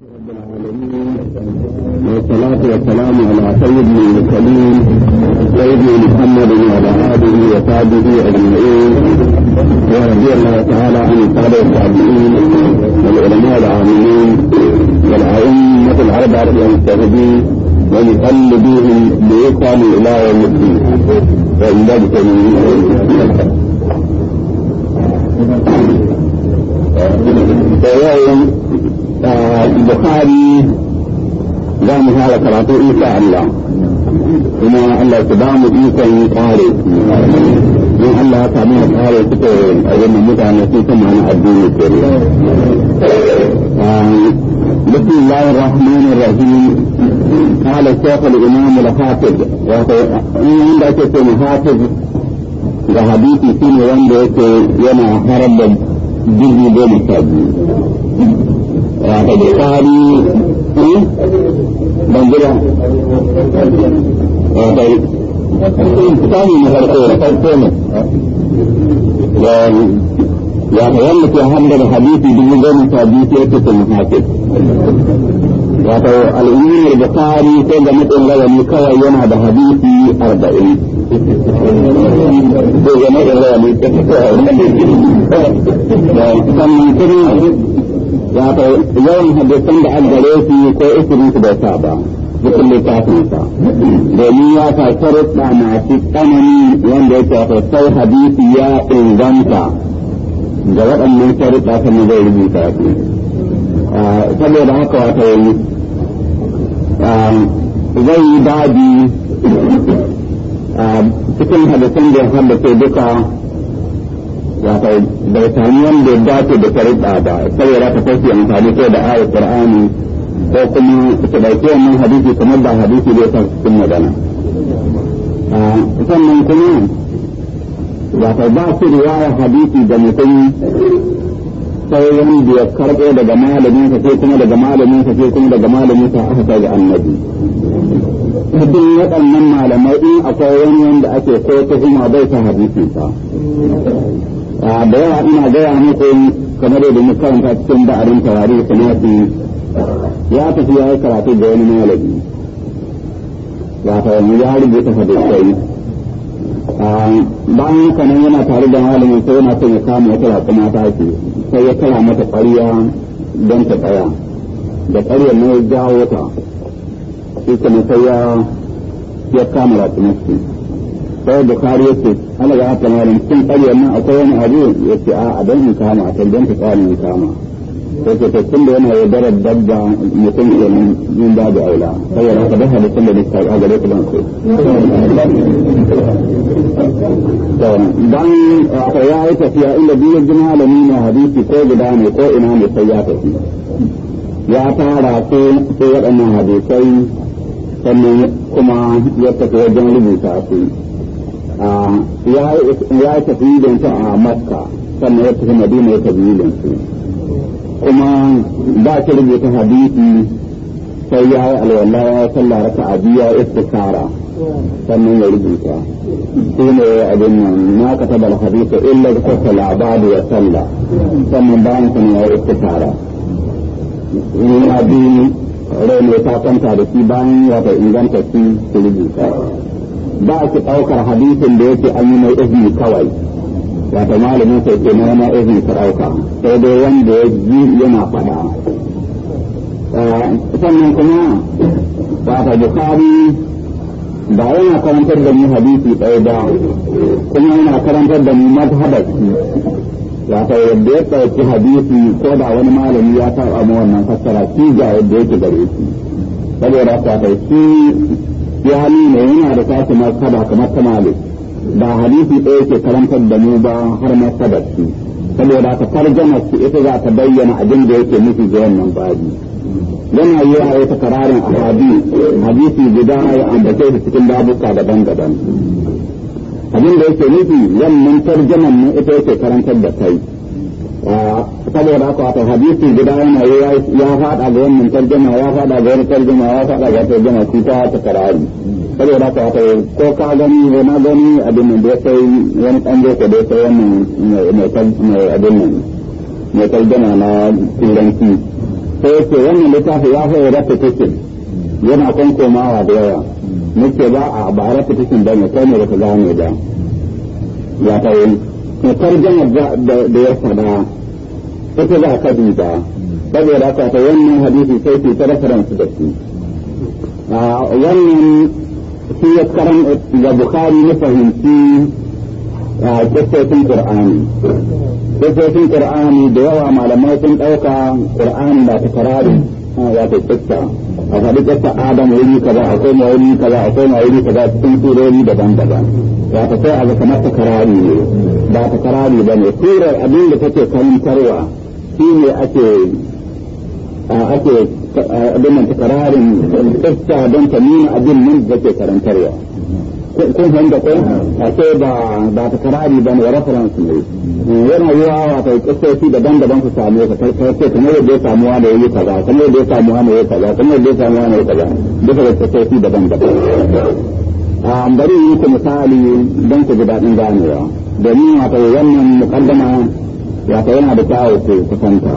رب العالمين والصلاة والسلام على سيد المرسلين سيدنا محمد وعلى آله وصحبه أجمعين ورضي الله تعالى عن السادة التابعين والعلماء العاملين والأئمة الأربعة المجتهدين ومقلديهم بإحسان إلى يوم الدين وإن ذلك البخاري قام هذا كراتو إن شاء الله وما الله تبام إيسا يقاري من الله تعالى قاري كتير أيام مدعنا نسيت معنا الدين الكريم آه، بسم الله الرحمن الرحيم قال الشيخ الإمام الحافظ وإن عند اسم حافظ وحديثي سين وانده ينا حرب الجزء بين da bukari ban gida da kitabi na farko da farko ne ya kayan mutum hamdar hadisi dubu goma sha biyu sai ta muhafiz wato al'ummi da tari ko ga mutum rawani kawai yana da hadisi arba'in ko ga mutum rawani wato yawan hadisan da an gare su ko isirin su bai sa ba dukkan littafinsa domin ya ta sharuɗa masu tsanani wanda ya ta sai hadisi ya inganta ga waɗannan sharuɗa sannan zai rubuta su ah, saboda haka wata yanzu Um, zai yi bi uh, cikin hadisan da ya ke duka wato bai sami wanda ya dace da shari'a ba saboda ka kai amfani ko da ayar kurani ko kuma ka dauke wannan hadisi kamar ba hadisi da ya cikin magana uh, sannan kuma wato ba su riwaya hadisi da mutum sai da ya karɓe daga malamin sai kuma daga malamin sai kuma daga malamin aka kai ga annabi duk waɗannan malamai in akwai wani wanda ake ko tuhuma bai sa hadisin sa da yawa ina gaya muku kamar da mu karanta cikin ba'arin tawari da ya tafi ya yi karatu ga wani malami ya wato ya rubuta hadisai bayan haka yana tare da malamin sai yana son ya kama wata raƙuma ta haifi sai ya kara mata ƙwariya don ta tsaya da ƙwariyar na ya jawo ta shi kuma sai ya ya kama raƙumar shi sai da kari ya ce ana ga haka malam cikin ƙwariyar nan akwai wani abu ya ce a don in kama a don ta tsaya in kama sai ta tun da yana yaudarar dabba mutum ke nan yin babu aula saboda haka don halittun da nista a gare ku don ku. Dan aka ya yi tafiya inda biyu jin halami na hadisi ko guda ne ko ina ne sai ya tafi. Ya tara ko sai waɗannan hadisai sannan kuma ya tafi wajen rubuta su. Ya tafi don ta a Makka sannan ya tafi Madina ya tafi su. kuma ba ta rubuta hadisi sai ya yi alwallah ya salla raka a biya istikara sannan ya rubuta shi ne abin nan na ka taba hadisi illa ka salla ba da ya salla sannan bayan sa ne ya yi istikara yana biyu rai ne ta da shi bayan ya ta inganta shi su rubuta ba a ki ɗaukar hadisin da yake an yi mai izini kawai wata malamin sai ke nema izin su ɗauka sai dai wanda ya ji yana faɗa eh, sannan kuma wato bukari ba yana karantar da mu hadisi ɗaya ba kuma yana karantar da mu mazhabarki ta yadda ya ɗauki hadisi ko da wani malami ya taɓa mu wannan fassara shi ga yadda yake gare shi saboda haka shi ya nuna yana da tashi martaba kamar ta ba hadisi ɗaya ke karantar da mu ba har ma su. saboda ka tarjama su ita za ta bayyana abin da yake nufi da wannan babi yana yi a wata a ahadi hadisi guda an da shi cikin babuka daban-daban abin da yake nufi wannan tarjaman mu ita yake karantar da kai saboda haka wata hadisi guda yana yi ya faɗa ga wannan tarjama ya faɗa ga wani tarjama ya faɗa ga tarjama cuta ta karari saboda da ta haka ko ka gani ko na gani abin nan da sai wani kanjo ko da sai wannan mai kan mai abin nan mai kalgana na turanci sai ce wannan littafi ya fara repetition yana kan komawa da yawa muke ba a ba repetition ba ne kai ne da baka gane da ya ta yi ko tarjama da ya fada ita za ka duba saboda haka ta wannan hadisi sai ke ta reference da shi ah, wannan shi ya karan ga Bukhari na fahimci a kitabun Qur'ani kitabun Qur'ani da yawa malamai sun ɗauka Qur'ani ba takarari ya ta tsaka a faɗi Adam kaza ma kaza ya ta sai a ne ba takarari ba ne abin da take karantarwa shi ne ake ake abin nan takararin tsafta don ta nuna abin nan da ke karantarwa kun fahimta ko a ba ba ta karari ba ne reference ne yana yiwa wata kisoshi daban-daban su same ka ta kamar yadda ya samu wani yayi kaza kamar yadda ya samu kaza kamar yadda ya samu kaza duka da kisoshi daban-daban bari yi ku misali don ku ji daɗin ganewa domin wata wannan mukaddama wata yana da kyawu ku kusanta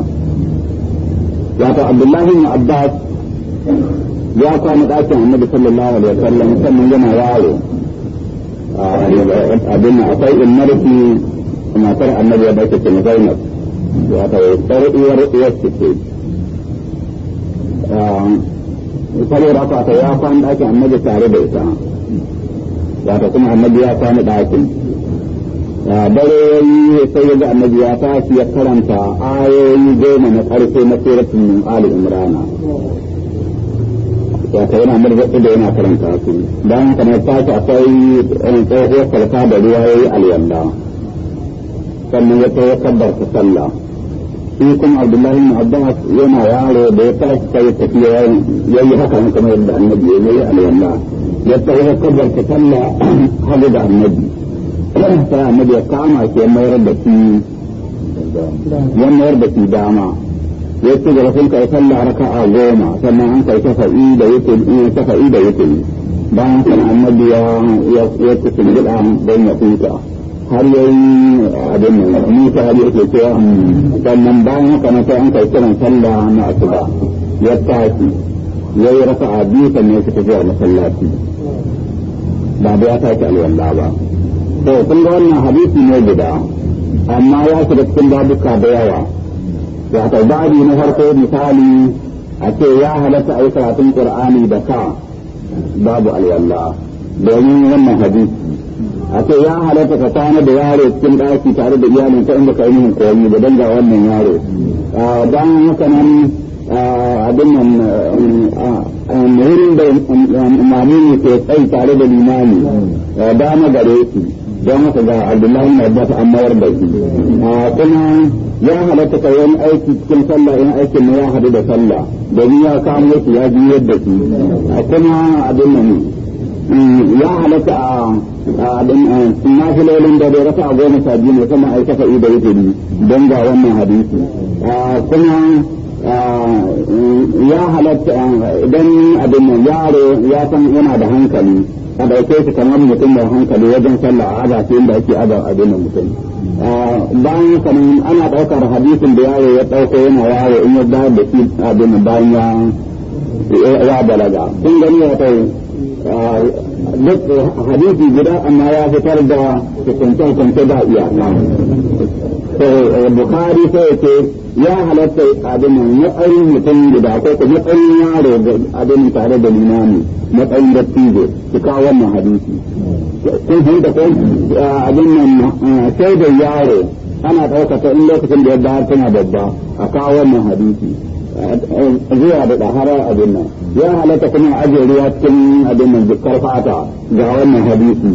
يا تو عبد الله بن عباس يا تو عمد صلى الله عليه وسلم سمع جمع وعلي أبن عطي الملك كما ترى النبي بيت التنزين يا تو يسترئي السكين يسترئي رفع تياسا عمد آتا محمد صلى الله عليه وسلم يا تو كم عمد آتا محمد آتا dare yayi sai ya ga annabi ya tashi ya karanta ayoyi goma na ƙarfe na suratul min ali imrana wata yana murzaɗi da yana karanta su bayan kamar tashi akwai irin eh, tsohuwar karka da ruwa ya yi alwanda sannan ya tsaye kabbar ta sallah shi kuma abdullahi bin abbas yana yaro da ya tashi kai tafiya ya yi haka kamar yadda annabi ya yi alwanda ya tsaye kabbar ta sallah hagu da annabi sai annabi ya kama shi ya mayar da shi ya mayar da shi dama ya ce da sun kai sallah raka'a goma sannan an kai safa'i da yake in eh, safa'i da yake bayan kan annabi ya ya ce sun gida don ya huta har yayi eh, abin nan musa har yake cewa hmm. sannan bayan haka na sai an kai kiran sallah na asuba ya tashi ya yi raka'a biyu sannan ya fita zuwa masallaci ba da ya tashi ba to kun ga wannan hadisi ne guda amma ya da cikin babuka da yawa ta babi na farko misali a ce ya halatta a karatun qur'ani da ka babu alwala domin wannan hadisi a ce ya halatta ka tana da yaro cikin ɗaki tare da iyalin ka inda ka yi koyi da danga wannan yaro dan haka nan abin nan wurin da mamini um, um, ke tsayi tare da limani dama gare shi don haka ga abdullahi na dafa an mawar da shi kuma ya halatta ka wani aiki cikin sallah aiki aikin ya haɗu da sallah domin ya samu wasu ya ji yadda shi kuma abin nan mm, ya halatta a nafilolin da bai rasa a goma sha biyu ne kuma ai kafa da yake don ga wannan hadisi kuma ya halatta idan abin nan yaro ya san yana da hankali a ɗauke shi kamar mutum mai hankali wajen sallah a haɗa shi inda ake adar abin da mutum bayan kamar ana ɗaukar hadisin da yawo ya ɗauko yana yawo in ya da da shi abin bayan ya balaga kun gani ya kai duk hadisi guda amma ya fitar da hukunce-hukunce ba iyaka. Bukhari sai ya ce ya halatta abin matsayin mutum guda ko ko matsayin yaro abin tare da limami matsayin dattijo kawo wannan hadisi da ko abin nan eh, sai da yaro ana ɗaukata in lokacin da ya bayar tana babba a kawo wannan hadisi eh, zuwa da ɗaharar abin nan ya halatta kuma ajiye ruwa cikin abin nan ga wannan hadisi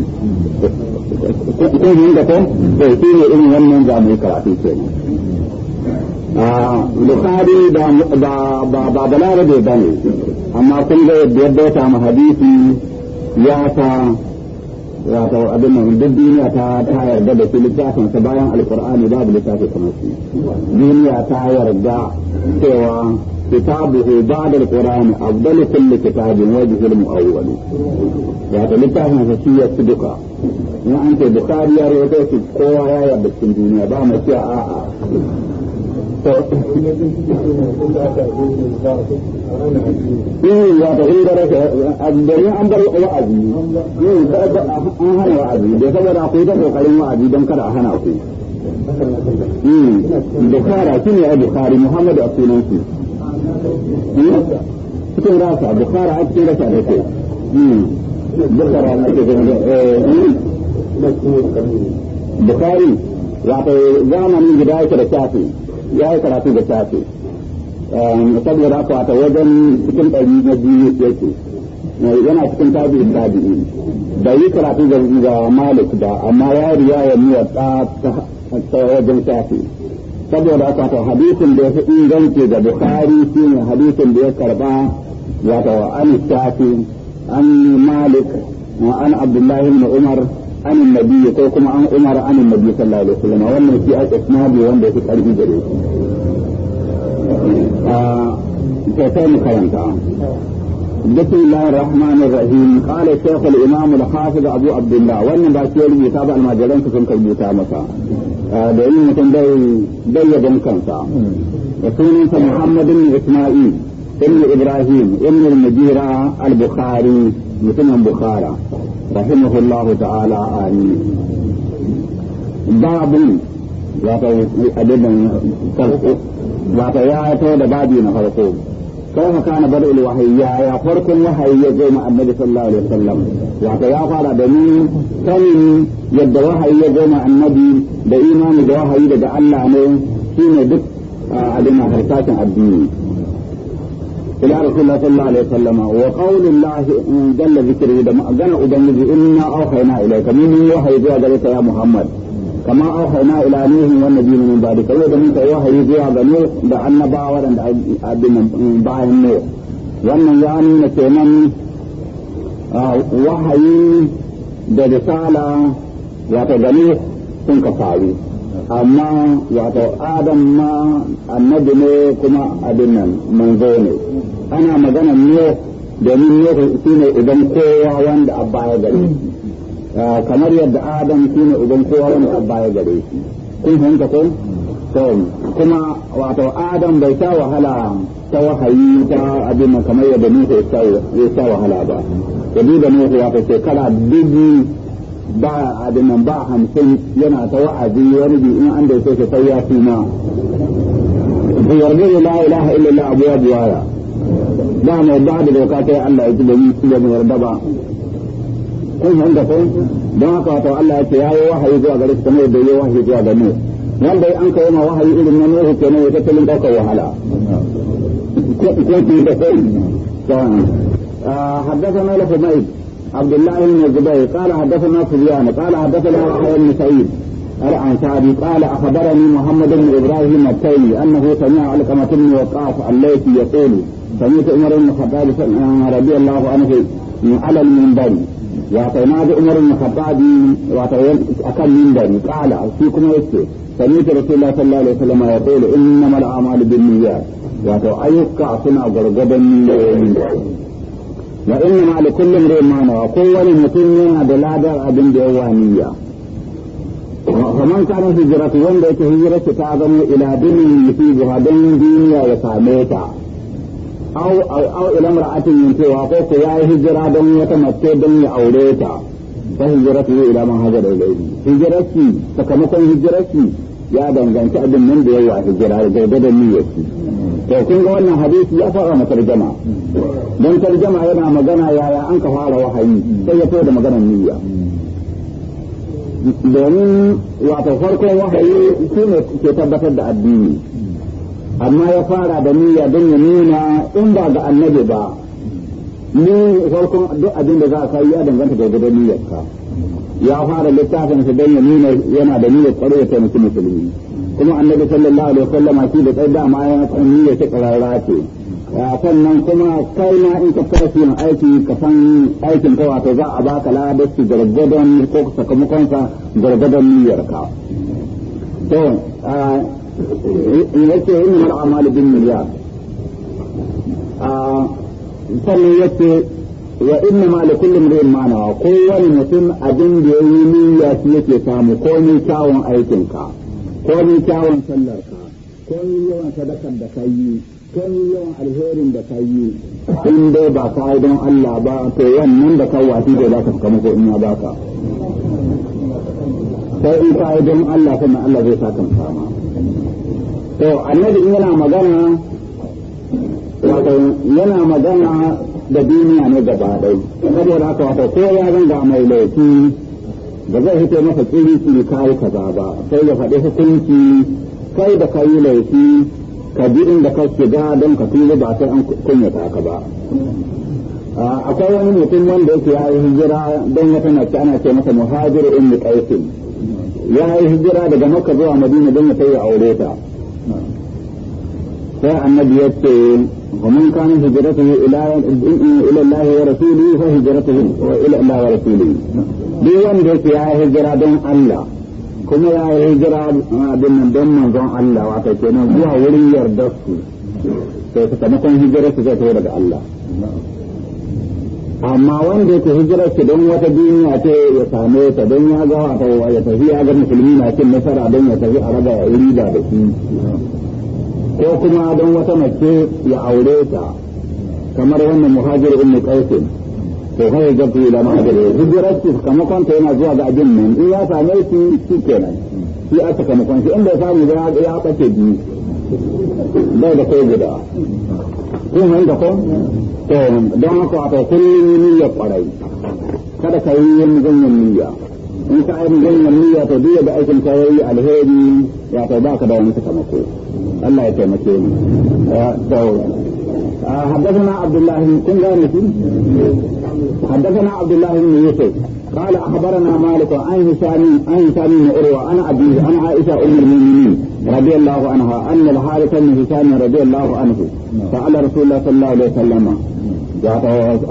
da ko sai ne irin wannan za karatu kenan bukari ba balarabe ba ne amma kun ga yadda yadda ya samu hadisi ya sa wato abin nan duk duniya ta ta yarda da shi littafin sa bayan alqur'ani babu littafi kamar duniya ta yarda cewa kitabuhu ba'da alqur'ani afdalu kulli kitabin wajhul muawwal wato littafin sa shi ya fi duka in an ce bukari ya rawaito kowa ya yarda cikin duniya ba mu ce a'a Bukhari, wato zamanin gida yake da shafi, ya yi karatu da safe um, saboda haka wata wajen cikin ɗari na biyu yake yana cikin tabi ne da yi karatu da malik ba amma ya riya ya miya ta ta wajen safe saboda haka wata hadisin da ya fi inganci da bukari shi ne hadisin da ya karba wata an shafi an malik wa an abdullahi ibn umar عن النبي كوكما عن عمر عن النبي صلى الله عليه وسلم وانا في آية اسناد وانا في قلبي جريء فسان كلام بسم الله الرحمن الرحيم قال الشيخ الامام الحافظ ابو عبد الله وانا باشي يلي يتابع المجالين كسن كالبوتا مسا لانه مثلا دي دي بنكنسا وسنة محمد بن اسماعيل ابن ابراهيم ابن المجيرة البخاري مثلا بخارى رحمه الله تعالى آمين باب wato ya da babi na farko kai haka na bar ilwahi ya ya farkon ma annabi sallallahu alaihi wasallam ya fara da ni sanin yadda wahayi ya ma annabi da imani da wahayi daga Allah ne shine duk abin harkacin addini إلى رسول الله صلى الله عليه وسلم وقول الله جل ذكره دم أجن أبنجي إنا أوحينا إليك من يوحي ذو يا محمد كما أوحينا إلى نوح والنبي من بعد كل من يوحي ذو نوح ده أن باور أن باين نوح وأن يعني كمان وحي ده رسالة وتجنيه تنكفاري amma wato adam ma annabi ne kuma abin nan manzo ne ana magana ne domin ne shi ne idan kowa wanda abba ya gare shi ah, kamar yadda adam shi ne idan kowa wanda abba ya gare shi kun fahimta ko to kuma wato adam bai sha wahala ta wahayi ta abin nan kamar yadda nuhu ya sha wahala ba da nuhu wato shekara dubu ba abin nan ba hamsin yana ta wa'azi wani bi in an da sai sai ya kuma yarda la ilaha illallah abu ya buwaya ba mai ba da doka ta Allah ya ji da mu da mu yarda ba kun san da kun don haka wato Allah ya ce yayi wahayi zuwa gare shi kamar yadda yayi wahayi zuwa ga mu wanda an kai ma wahayi irin na Nuhu kenan ya tattalin daukar wahala ko ko da sai حدثنا لحميد عبد الله بن الزبير قال حدثنا سفيان قال حدثنا يحيى بن سعيد سعدي قال أخبرني محمد بن إبراهيم التيمي أنه سمع علقمة بن وقاص الليثي يقول سمعت عمر بن الخطاب آه، رضي الله عنه على المنبر وأعطيناه عمر بن الخطاب وأعطيناه أكل منبر قال فيكم يكفي سمعت رسول الله صلى الله عليه وسلم يقول إنما الأعمال بالنيات وأعطوا أيك سنة غرغبا wa inna ma da kullum da imana wa kowane mutum yana da ladar abin da yawa niyya kaman kana hijiratu wanda yake hijiratu ta zama ila dinin yusibuha don duniya ya same ta au aw ila mar'atin yantewa ko ko yayi hijira don wata mace don ya aure ta ta hijiratu ila man hajara ilayhi hijiratu sakamakon hijiratu ya danganci abin nan da yawa jira da gadon niyyarsu to kun ga wannan hadisi ya fara na tarjama don tarjama yana magana yaya an ka fara wahayi sai ya fito da maganar niyya domin wato farkon wahayi shi ne ke tabbatar da addini amma ya fara da niyya don ya nuna in ba ga annabi ba ni farkon duk abin da za a kai ya danganta da gadon niyyarka ya fara littafin sa don ya nuna yana da niyyar tsaro ya taimaki musulmi kuma annabi sallallahu alaihi wasallama shi da tsaye dama ya san niyyar ta karara ce sannan kuma kai na in ka fara yin aiki ka san aikin ka wato za a baka ladarci gargadon ko sakamakon sa gargadon niyyar ka to yace yin al'amal bin niyyat sannan yace wa inna ma li kulli imrin ma nawa wani mutum abin da yayi niyya shi yake samu ko ni kyawun aikin ka ko ni kyawun sallar ka ko ni yawan sadakar da ka ko ni yawan alherin da ka in dai ba ka ai don Allah ba to wannan da ka wasi da za ka kama ko in ya baka sai in ka ai don Allah sannan Allah zai saka kama to annabi yana magana wato yana magana da duniya ne gaba ɗai saboda haka wata ko ya zanga mai laifi da zai hito masa tsiri tsiri kayi kaza ba sai ya faɗi hukunci kai da ka yi laifi ka bi da ka shiga don ka tuba ba sai an kunyata ka ba akwai wani mutum wanda yake ya yi hijira don ana ce masa muhajir in qaisin ya yi hijira daga maka zuwa madina don ya ya aure ta sai annabi ya ce wa man kana hijratuhu ila ila Allah wa rasulihi fa hijratuhu ila Allah wa rasulihi duk wanda yake ya hijira don Allah kuma ya hijira abin nan don manzon Allah wato kenan zuwa wurin yardar su sai sakamakon hijirar su zai tafi daga Allah amma wanda yake hijirar su don wata duniya ce ya same ta don ya ga wata ya tafi ya ga musulmi na cin nasara don ya tafi a raba riba da shi ko kuma don wata mace ya aure ta kamar wannan muhajir ummu qaisin to kai ga ku ila muhajir hijirar ki kan ta yana zuwa ga abin nan in ya same shi shikenan shi aka kamakon shi inda ya samu ya ya bace biyu bai da kai guda ko kun hanta ko to don haka a kullum ya kwarai kada ka yi yin ganyen niyya in ka yi ganyen niyya to duk da aikin ka yayi alheri ya ba ka da wani sakamako Allah ya taimake ni حدثنا عبد الله بن كنا حدثنا عبد الله بن يوسف قال اخبرنا مالك عن هشام عن هشام بن عروه عن ابيه عن عائشه ام المؤمنين رضي الله عنها ان الحارث بن هشام رضي الله عنه سال رسول الله صلى الله عليه وسلم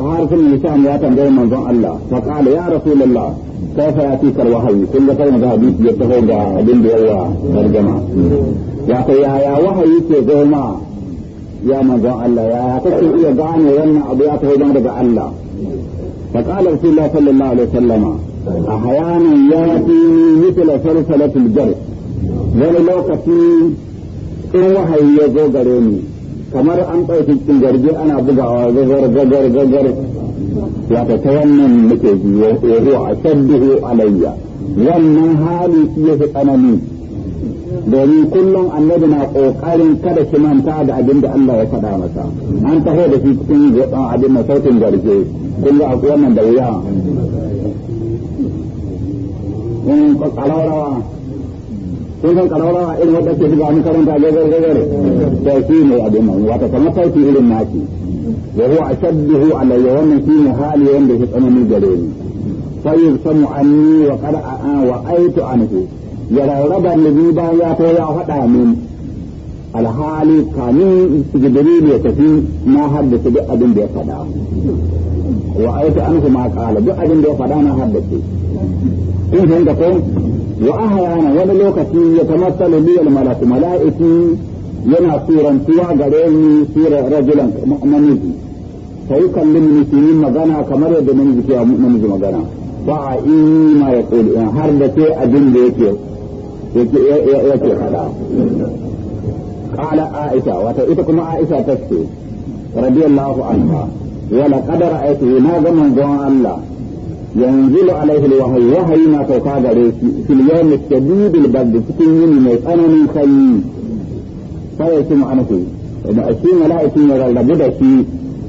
حارث بن هشام يا تنبيه من الله فقال يا رسول الله كيف ياتيك الوحي كل كلمه ذهبت يتفوق عند الله الجماعه ya yaya wahayi ke zo ma ya manzon Allah yaya kake iya gane wannan abu ya taho ma daga Allah fa qala rasulullah sallallahu alaihi wasallam ahyana yati mithla salsalatil jar wani lokaci in wahayi ya zo gare ni kamar an ɗauki cikin garge ana bugawa gagar gagar gagar wato ta wannan nake ji ya huwa ashadduhu alayya wannan hali shi fi tsanani domin kullum annabi na kokarin kada shi manta da abin da Allah ya faɗa masa an taho da shi cikin abin na sautin garje kun ga akwai wannan da wuya in kalawarawa kun san kalawarawa irin wadda ke shiga an karanta gagar gagar to shi ne abin nan wata kamar sauti irin naki wa huwa ashadduhu alayya wannan shi ne hali wanda ya tsanani gare ni fa yusamu anni wa qad wa aitu anhu ya rarraba biyu bayan ya ya faɗa min alhali kamin jibril ya tafi na haddace duk abin da ya faɗa wa aita an ma kala duk abin da ya faɗa na haddace in fahimta ko wa ahyana wani lokaci ya tamassalu li al malaku malaiki yana tuwa gare ni sura rajulan namiji sai kallin ni magana kamar yadda namiji ke namiji magana ba a ma ya har da ke abin da yake yake fada qala aisha wata ita kuma aisha take radiyallahu anha wala qadar ayatu na ga manzon Allah yanzilu alaihi alwahyi wahyi na sauka gare shi fil yawmi shadidil bard cikin yini mai tsananin sanyi sai ya ci mu anku da shi mala'ikin ya rarrabu da shi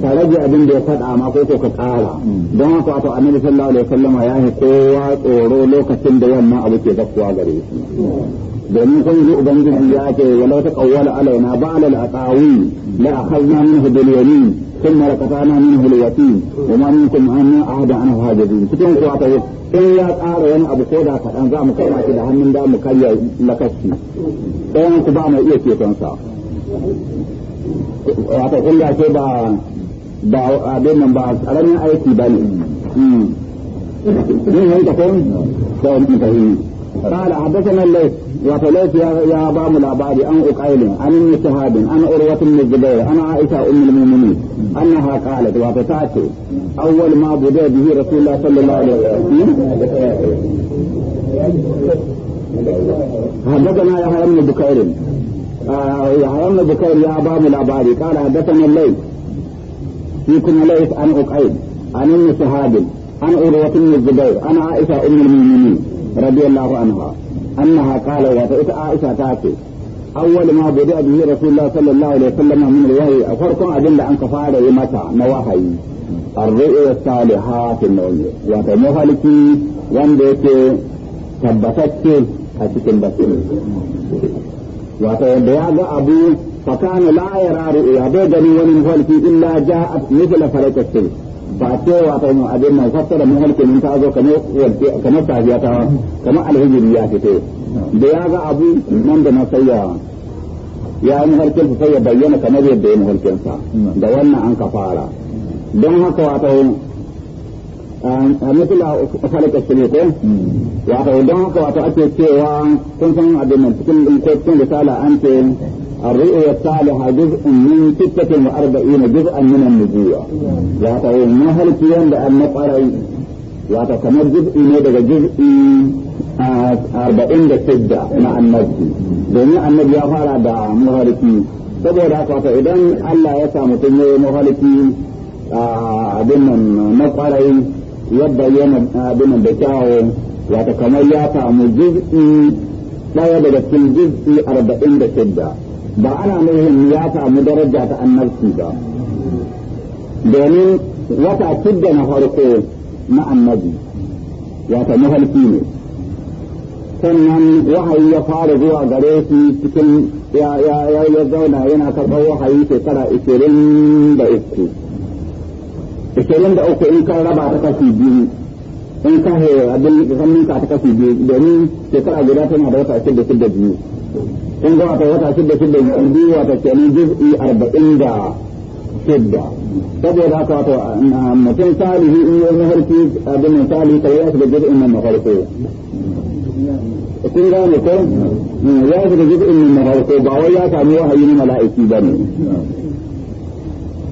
ka rage abin da ya faɗa ma ko ko ka ƙara don haka to annabi sallallahu alaihi wasallama ya yi kowa tsoro lokacin da yamma abu ke zakkuwa gare shi domin kun ji ubangiji ya ce walau ta qawwala alaina ba'al al-aqawi la akhadna minhu bil yamin thumma laqatana minhu al yatim wa ma minkum an ahada anhu hajibin cikin ku wato in ya kara wani abu ko da kaɗan za mu kama shi da hannun da mu karya lakashi ɗayan ku ba mai iya sa. wato kun da ke ba ba abin nan ba tsaranin aiki ba ne hmm. yin yanka kun da wani ta yi kala haddasa nan lai wato lai ya ba mu labari an ukailin an yi shahadin an urwatun mai zubair an aisha umul mumini an na haka alat ta ce awwal ma bude bihi rasulullah sallallahu alaihi wasallam hmm. haddasa na ya haɗa mai bukairin يحيى بكير يا باب الأباري قال حدثني الليل في فيكم ليس عن أقعد عن ابن شهاب عن عروة بن الزبير عن عائشة أم المؤمنين رضي الله عنها أنها قال وفئت عائشة تاتي أول ما بدأ به رسول الله صلى الله عليه وسلم من الوحي فرق أجل أن كفار متى نوحي الرؤيا الصالحات النوية وتموها لكي وان بيتي tabbatacce a wato da ya ga abu fakana la yara ru'ya bai gani wani mafarki illa ja'at mithla farakatin ba ce wato mu abin nan fassara mafarkin ta zo kamar kamar safiya ta kamar alhijiri ya fito da ya ga abu nan da na sayya ya mafarkin sai ya bayyana kamar yadda ya mafarkin sa da wannan an ka fara don haka wato mutula farka shi ne ko don wato ake cewa kun san abin cikin cikin risala an ce الرؤيا الصالحة جزء من ستة وأربعين جزءا من النبوة واتو مهل كيان بأن نقرأي واتو كما جزء نبغى جزء أربعين بستة مع النبي دمي النبي يفعل دا مهلكي saboda haka wato idan Allah ya samu mutum ya yi a abin nan na yadda yana abin da kyawo wata kamar ya samu jiz'i ɗaya daga cikin jiz'i arba'in da shidda ba ana nufin ya samu daraja ta annabci ba domin wata shidda na farko na annabi wata mafarki ne sannan wahayi ya fara zuwa gare shi cikin ya zauna yana karɓar wahayi shekara ishirin da uku ashirin da uku in kan raba ta kashi biyu in ka he abin da hannun ka ta kashi biyu domin shekara guda tana da wata shida shida biyu in ga wata wata shida shida biyu wata kenan juz'i arba'in da shida saboda haka wato mutum salihi in yi wani harki abin salihi kai ya shiga juz'in nan na farko kun gane ko hmm, ya shiga juz'in nan na farko ba wai ya sami wahayi na mala'iki ba ne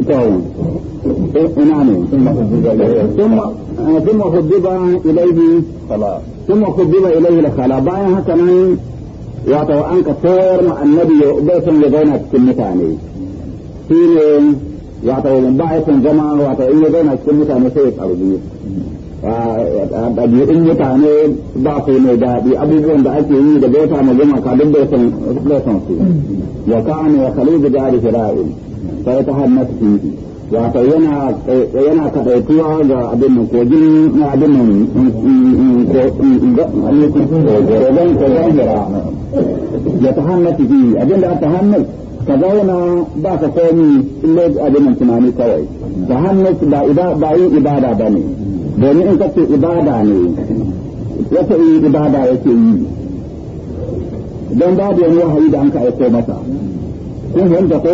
ثم ثم إليه خلاص ثم خذب إليه لخلا بعدها كمان واتو أنك تور النبي بيت لبين كمتاني فيني واتو من بعد جمع واتو إني بين كمتاني سيف أرضيه ɗabi'un mutane ba su mai daɗi abubuwan da ake yi da bauta ma gumaka duk da san su Ya kana ya da khalu bi yi. ta hannu su yi wato yana yana kadaituwa ga abin nan kogin na abin nan mm, mm, mm, kogin kogin da. ya tahannasu fihi abin da ta hannas ka zauna ba ka komi illa abin nan tunani kawai ta hannas ba yin ibada ba ne domin in kace ibada ne wata yi ibada yake yi don babu wani wahayi da an ka aiko masa kun fahimta ko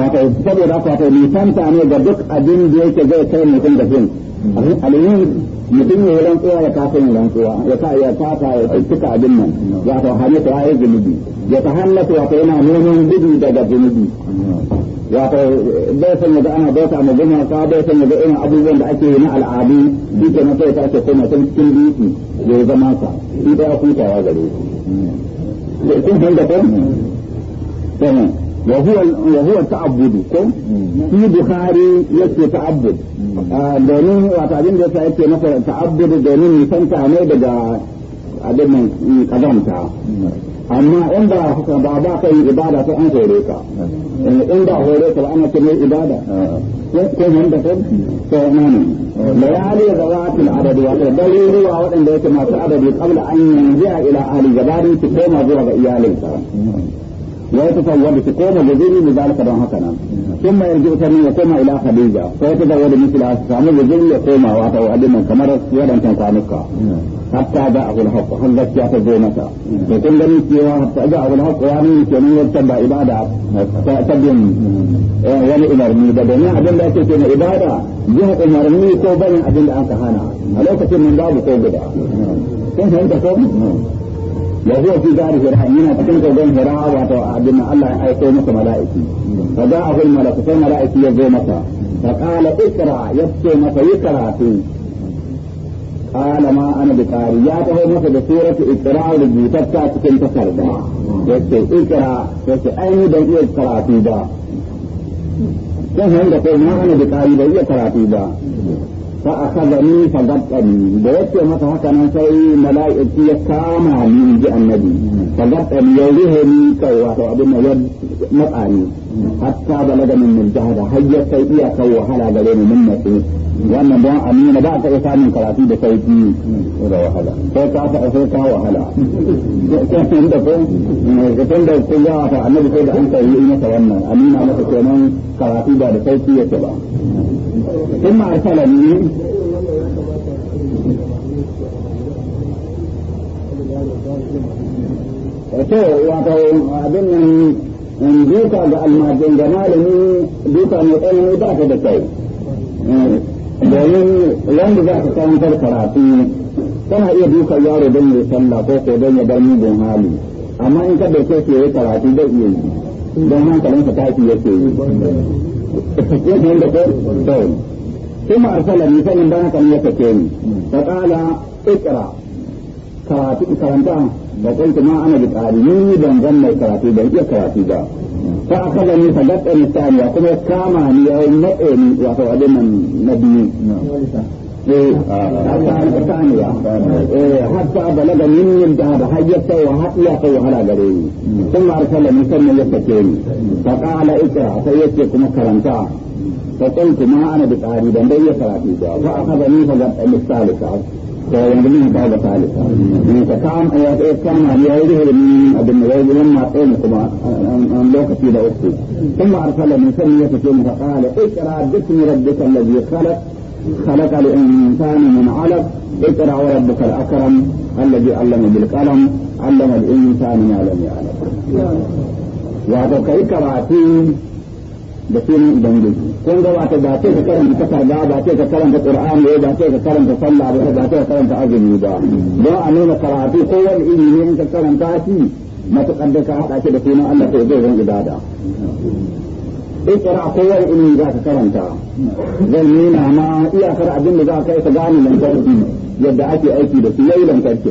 wato saboda haka wato ne ga duk abin da yake zai kai mutum da fin alwin mutum ya yi rantsuwa ya kasa yin rantsuwa ya sa ya kasa ya cika abin nan ya ta hane ta zunubi ya ta hannata ya ta yana neman gudu daga zunubi ya ta bai san ana bauta ma goma ka bai san yaga irin abubuwan da ake yi na al'adu duka na sai ta ake cikin zama shi hutawa gare shi. Kun san da وهو وهو كم في بخاري يكفي تعبد دونين وتعبين ده سايكي مثلا تعبد دونين يسمع ne daga abin nan kazamta amma in haka ba ba kai ibada ko an hore ka in ba hore ka ana ce ibada ko mun da kan to nan layali zawatul adad wa dalilu wa wadanda yake masu an ila gabarin koma zuwa ga iyalinsa wa ya tafi wanda koma da zuri don haka nan sun ma ya koma ila khadija ko ya tafi wanda mutu da su samu da zuri ya koma wa ta wa adin kamar wadancan kwanuka ce na ibada jin umarni ko bane abin aka hana a lokacin nan babu ko guda وهو في ذلك من تكنك بين هراء وعندما الله أيقو مكة ملائكي فجاءه الملك فالملائكي يزو مكة فقال اقرأ يبكي مكة يقرأ قال ما أنا بقاري يا تهو مكة بسورة اقرأ لجيتبتا تكن تسرد يبكي اقرأ يبكي أين بيئي اقرأ في ذا كيف عندك ما أنا بقاري بيئي اقرأ في ذا fa akazani fa gaddani da yace masa haka nan sai mala'iki ya kama ni ji annabi fa gaddani ya rihe kai wata abin nan ya matsa ni hatta balaga min min jahada har ya kai iya kai wahala gare ni min matsi wannan don a nuna ba ka iya samun karatu da sauki da wahala sai ka fa sai ka wahala sai da ko ga tun da ko ya fa annabi sai da an kai yi masa wannan a nuna masa kenan karatu ba da sauki yake ba kuma arsalani to wato abin nan in duka ga almajin da malami duka mai tsanani ba ta da kai domin wanda za ka karantar karatu tana iya duka yaro don ya salla ko ko don ya bar mugun hali amma in ka da ke yayi karatu da iya yi don hankalin ka tafi ke yi yake da ko to kuma arsala ni sai in ba haka ne ya ke ni fa qala ikra karatu karanta فقلت ما أنا بقارئني بن ظن الكراتي بن إيه كراتي ده فأخذني فدفعني الثانية كما كامعني أو نقعني وأتوعدنا نبي ايه حتى بلغ مني حيث حجته وحقيقه على غري ثم أرسل مسمى يفتكين فقال اقرأ فيتكم كرمتا فقلت ما أنا بقارئ بن إيه كراتي ده فأخذني فدفعني الثالثة ابن لما ان ثم ارسل من سمية ثم فقال اقرا باسم ربك الذي خلق خلق الانسان من علق اقرا وربك الاكرم الذي علم بالقلم علم الانسان ما لم يعلم. وهذا كي da sunan ubangiji kun ga wato ba ce ka karanta takarda ba ce ka karanta qur'ani ba ce ka karanta sallah ba ba ka karanta azumi ba don a nuna karatu ko wani iri ne in ka karanta shi matukan da ka hada shi da sunan Allah sai zai zan ibada ikra ko wani iri za ka karanta zan na ma iyakar abin da za ka yi ka gane lantarki yadda ake aiki da su yayi lantarki.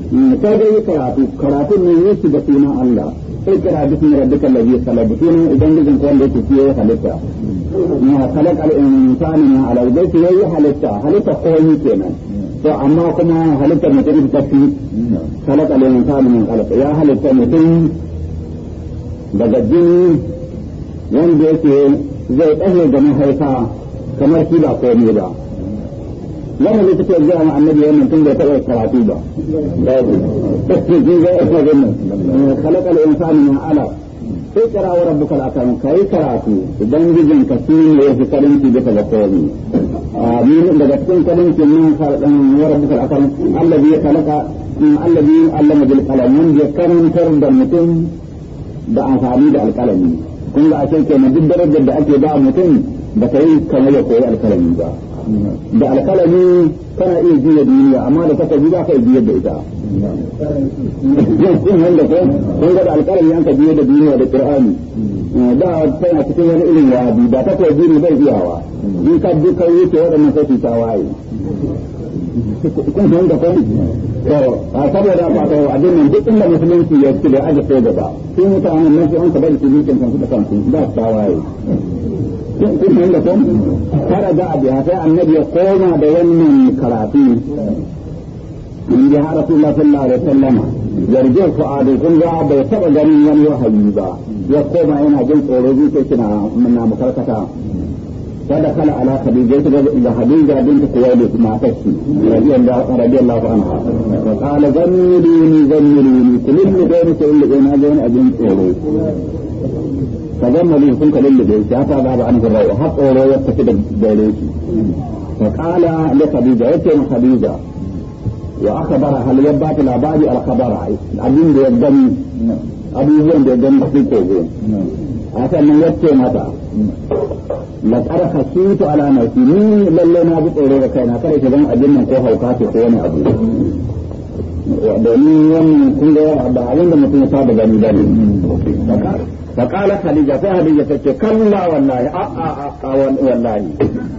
ta yi karatu karatu ne ya shiga sunan Allah ikra bismi rabbika alladhi khalaq sunan ubangijin ko wanda yake ya halitta ma khalaq al-insana ya halitta halitta ko yi kenan to amma kuma halitta mutum ta fi khalaq al-insana ya halitta mutum daga jini wanda yake zai tsaye da mahaifa kamar shi ba komai ba wanda zai tafiya zuwa ma annabi wannan tun bai taɓa karatu ba babu tafiya zai ita wannan khalaqal insana min ala sai kira wa rabbuka al kai karatu ubangijin ka shi ne yake karinci da ka min amin daga cikin ki min khalaqan wa rabbuka al-akram alladhi khalaqa alladhi allama bil qalam min ya karantar da mutum da amfani da alkalami kun ga a kenan duk darajar da ake ba mutum ba ta yi kamar ya koyi alkalami ba da alkalami kana iya jiya duniya amma da kaka ji za ka jiya da ita yin wanda ko kun ga alkalami an ka jiya da duniya da qur'ani eh, da a cikin wani irin wadi da kaka ji ne bai iyawa in ka duka yake waɗannan sai ta waye kun san da ko to saboda ba ta abin nan duk inda musulunci ya ci da aje sai gaba sun mutanen nan sai an ka bari su yi kan su da ba ta waye kin kun da kun faraja abiha sai annabi ya koma da wannan karatu in ji har Rasulullah yarje ku adu kun ga bai taba ganin wani wahayi ba ya koma yana jin tsoro zuciya kina muna makarkata ودخل على خديجة وخديجة بنت فظن به كنت للبيت فأذهب عنه الروح حتى لو يتكد بيليك فقال لخديجة يتين خديجة هل يبات العباد الخبر العبين بيقدم أبيهم بيقدم بسيطوهم عشان من يتين هذا لقد خشيت على نفسي مين للي ما بطوله وكان أكره كذن أجنن كوها وكاتي كوني أبو domin wannan kun ga ba abin da mutum ya saba gani فقال خليجة فهدية تكي كلا والله أه أه أه والله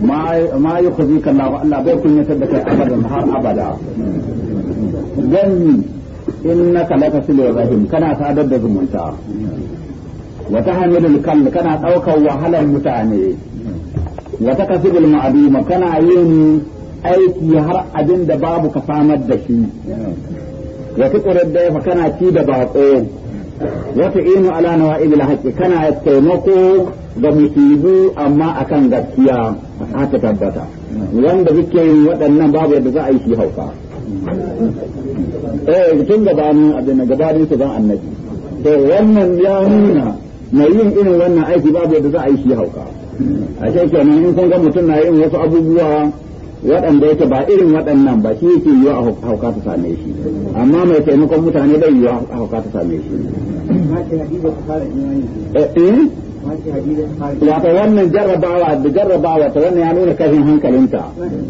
ما ما يخزيك الله الله بيكون يسدك أبدا نهار أبدا جني إنك لا تصل الرحم كنا سعدد زمنتا وتحمل الكل كنا أوكا وحل المتعني وتكسب المعظيم كنا عيني aiki har abin da babu ka samar da shi wa tuƙurar da kana ci da baƙo وتعين على نوائب kana كان taimako ga musibu amma akan gaskiya haka tabbata wanda suke yin waɗannan babu yadda za a yi shi hauka eh tun gabanin abin da gabanin su zan annabi to wannan ya nuna mai yin irin wannan aiki babu yadda za a yi shi hauka a kenan in kun ga mutum na yin wasu abubuwa waɗanda yake ba irin waɗannan ba shi yake yiwa a hauka ta same shi amma mai taimakon mutane bai yiwa a hauka ta same shi eh, eh? wata wannan jarrabawa da jarrabawa ta wannan ya nuna kashin hankalinta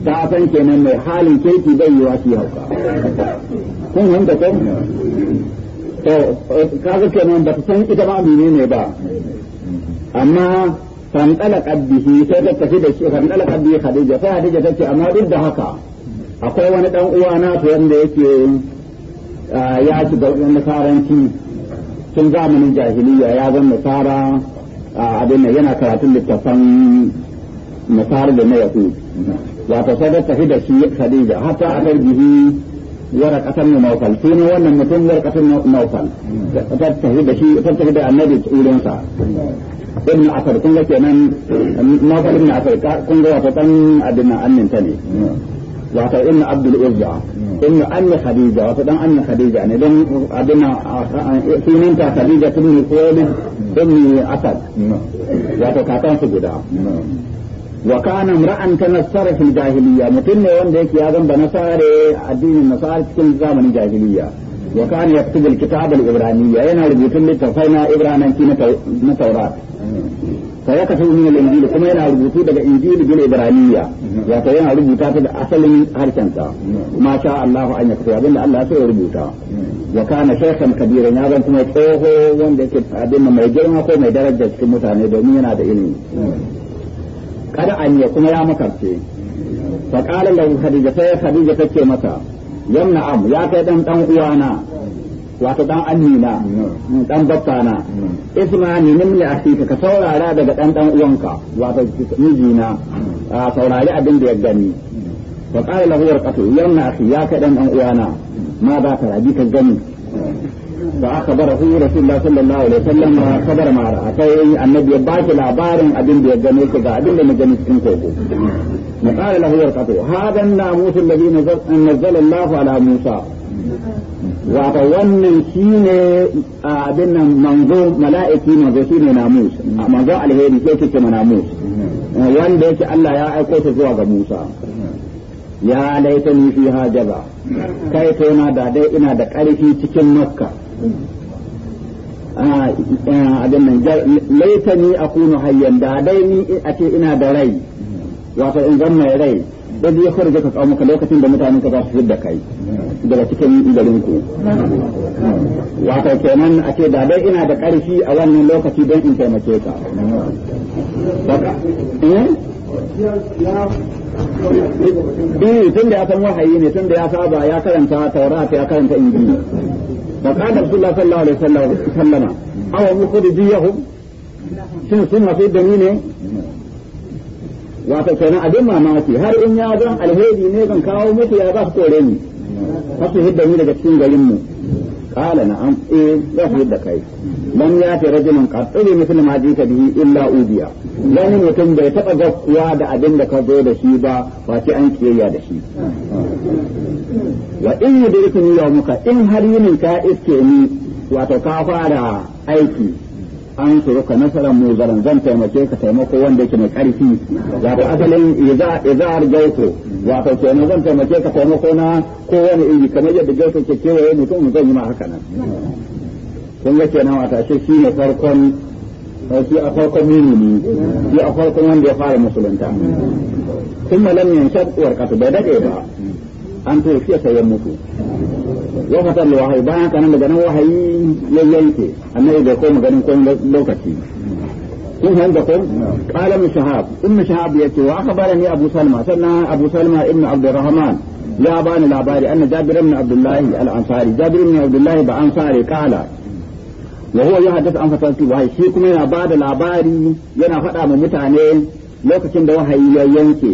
ta san kenan mai halin keki bai yiwa shi hauka kun hanta ko to eh, kaga kenan ba ta san ita ma ne ba amma فانطلقت به سيتتفي da shi به خديجة فخديجة أما ضد هكا akwai wani dan uwa na su wanda yake ya ci ga nasaranci tun zamanin jahiliya ya zan misara abin yana karatun littafan nasara da na yahud wato sai da tafi da shi khadija hatta a kai bihi wara kasan naufal shi ne wannan mutum wara kasan naufal ta tafi da shi ta tafi da annabi sa. ibn asar kun ga kenan na ibn asar kun ga wato dan abin nan annin ta ne wato ibn abdul uzza ibn Anna khadija wato dan Anna khadija ne dan abin nan sunan ta khadija ko ne ibn Asar wato kakan su guda wa kana kana sarf al jahiliya mutum ne wanda yake ya zamba nasare addinin nasara cikin zamanin jahiliya wa kana yaktubu alkitab alibraniya yana rubutun littafai na ibrananci na taurat fa ya kasu min al kuma yana rubutu daga injil bil ibraniya wato yana rubuta ta da asalin harshen ta ma sha Allah an abinda Allah ya so ya rubuta wa kana shaykhan kabiran ya zan kuma tsoho wanda yake abin mai girma ko mai daraja cikin mutane domin yana da ilimi kada an ya kuma ya makarce fa qala lahu khadija fa khadija masa yan na'am ya kai dan dan uwana wato dan annina dan babbana ismani min li asika ka saurara daga dan dan uwanka wato mijina saurari abin da ya gani wa qala lahu yarqatu yan na'am akhi ya kai dan dan uwana ma ba ka rabi ka gani da aka bar hu da sallallahu alaihi wasallam ma kabar mar yi annabi ya ba ki labarin abin da ya gane ki ga abin da na gani cikin koko ma qala na yarqatu hadan namus na nazzala allah ala musa wa ta wannan a abin nan manzo malaiki manzo shine A manzo alheri ke na namus wanda yake allah ya aika ta zuwa ga musa ya ni fi hajaba kai to na da dai ina da ƙarfi cikin makka ah, abin nan a kunu hayyan da dai ni a ce ina da rai wato in zan mai rai da zai kawar da ka kawo lokacin da mutanen ka za su da kai daga cikin garin ku wato kenan a ce da dai ina da ƙarfi a wannan lokaci don in taimake ka eh? eh tun da ya san wahayi ne tun da ya saba ya karanta taurata ya karanta injili fa qala rasulullah sallallahu alaihi wasallam sallama aw mukhrijiyahum shin sun da dani ne wato kenan abin mamaki har in ya zan alheri ne zan kawo muku ya kore ni kasu hidda ni daga cikin garin mu qala na'am eh za ku hidda kai ya yati rajulun qad mithl ma jika bihi illa udiya wani mutum bai taba gaskiya da abin da ka zo da shi ba ba ki an kiyaya da shi wa in yudrikuni yawmuka in har yinin ka iske ni wato ka fara aiki an turu ka nasarar mu zaran zan taimake ka taimako wanda yake mai karfi wato asalin iza izar gauto wato ne zan taimake ka taimako na kowane iri kamar yadda gauto ke kewaye mutum zan yi ma haka nan kun ga kenan wata ashe shi ne farkon shi a farkon mimini shi a farkon wanda ya fara musulunta kuma lam shaɗuwar kasu bai daɗe ba an to shi ya sayan mutu ya fatar da wahayi bayan kanan da nan wahayi ya yanke annabi bai koma ganin ko lokaci kun fahimta ko qala min shahab ibn shahab yace wa akhbarani abu salma sannan abu salma ibn abdurrahman ya bani labari anna jabir ibn abdullah al-ansari jabir ibn abdullah ba ansari qala wa huwa yahdath an fatati wahayi shi kuma yana bada labari yana faɗa ma mutane lokacin da wahayi ya yanke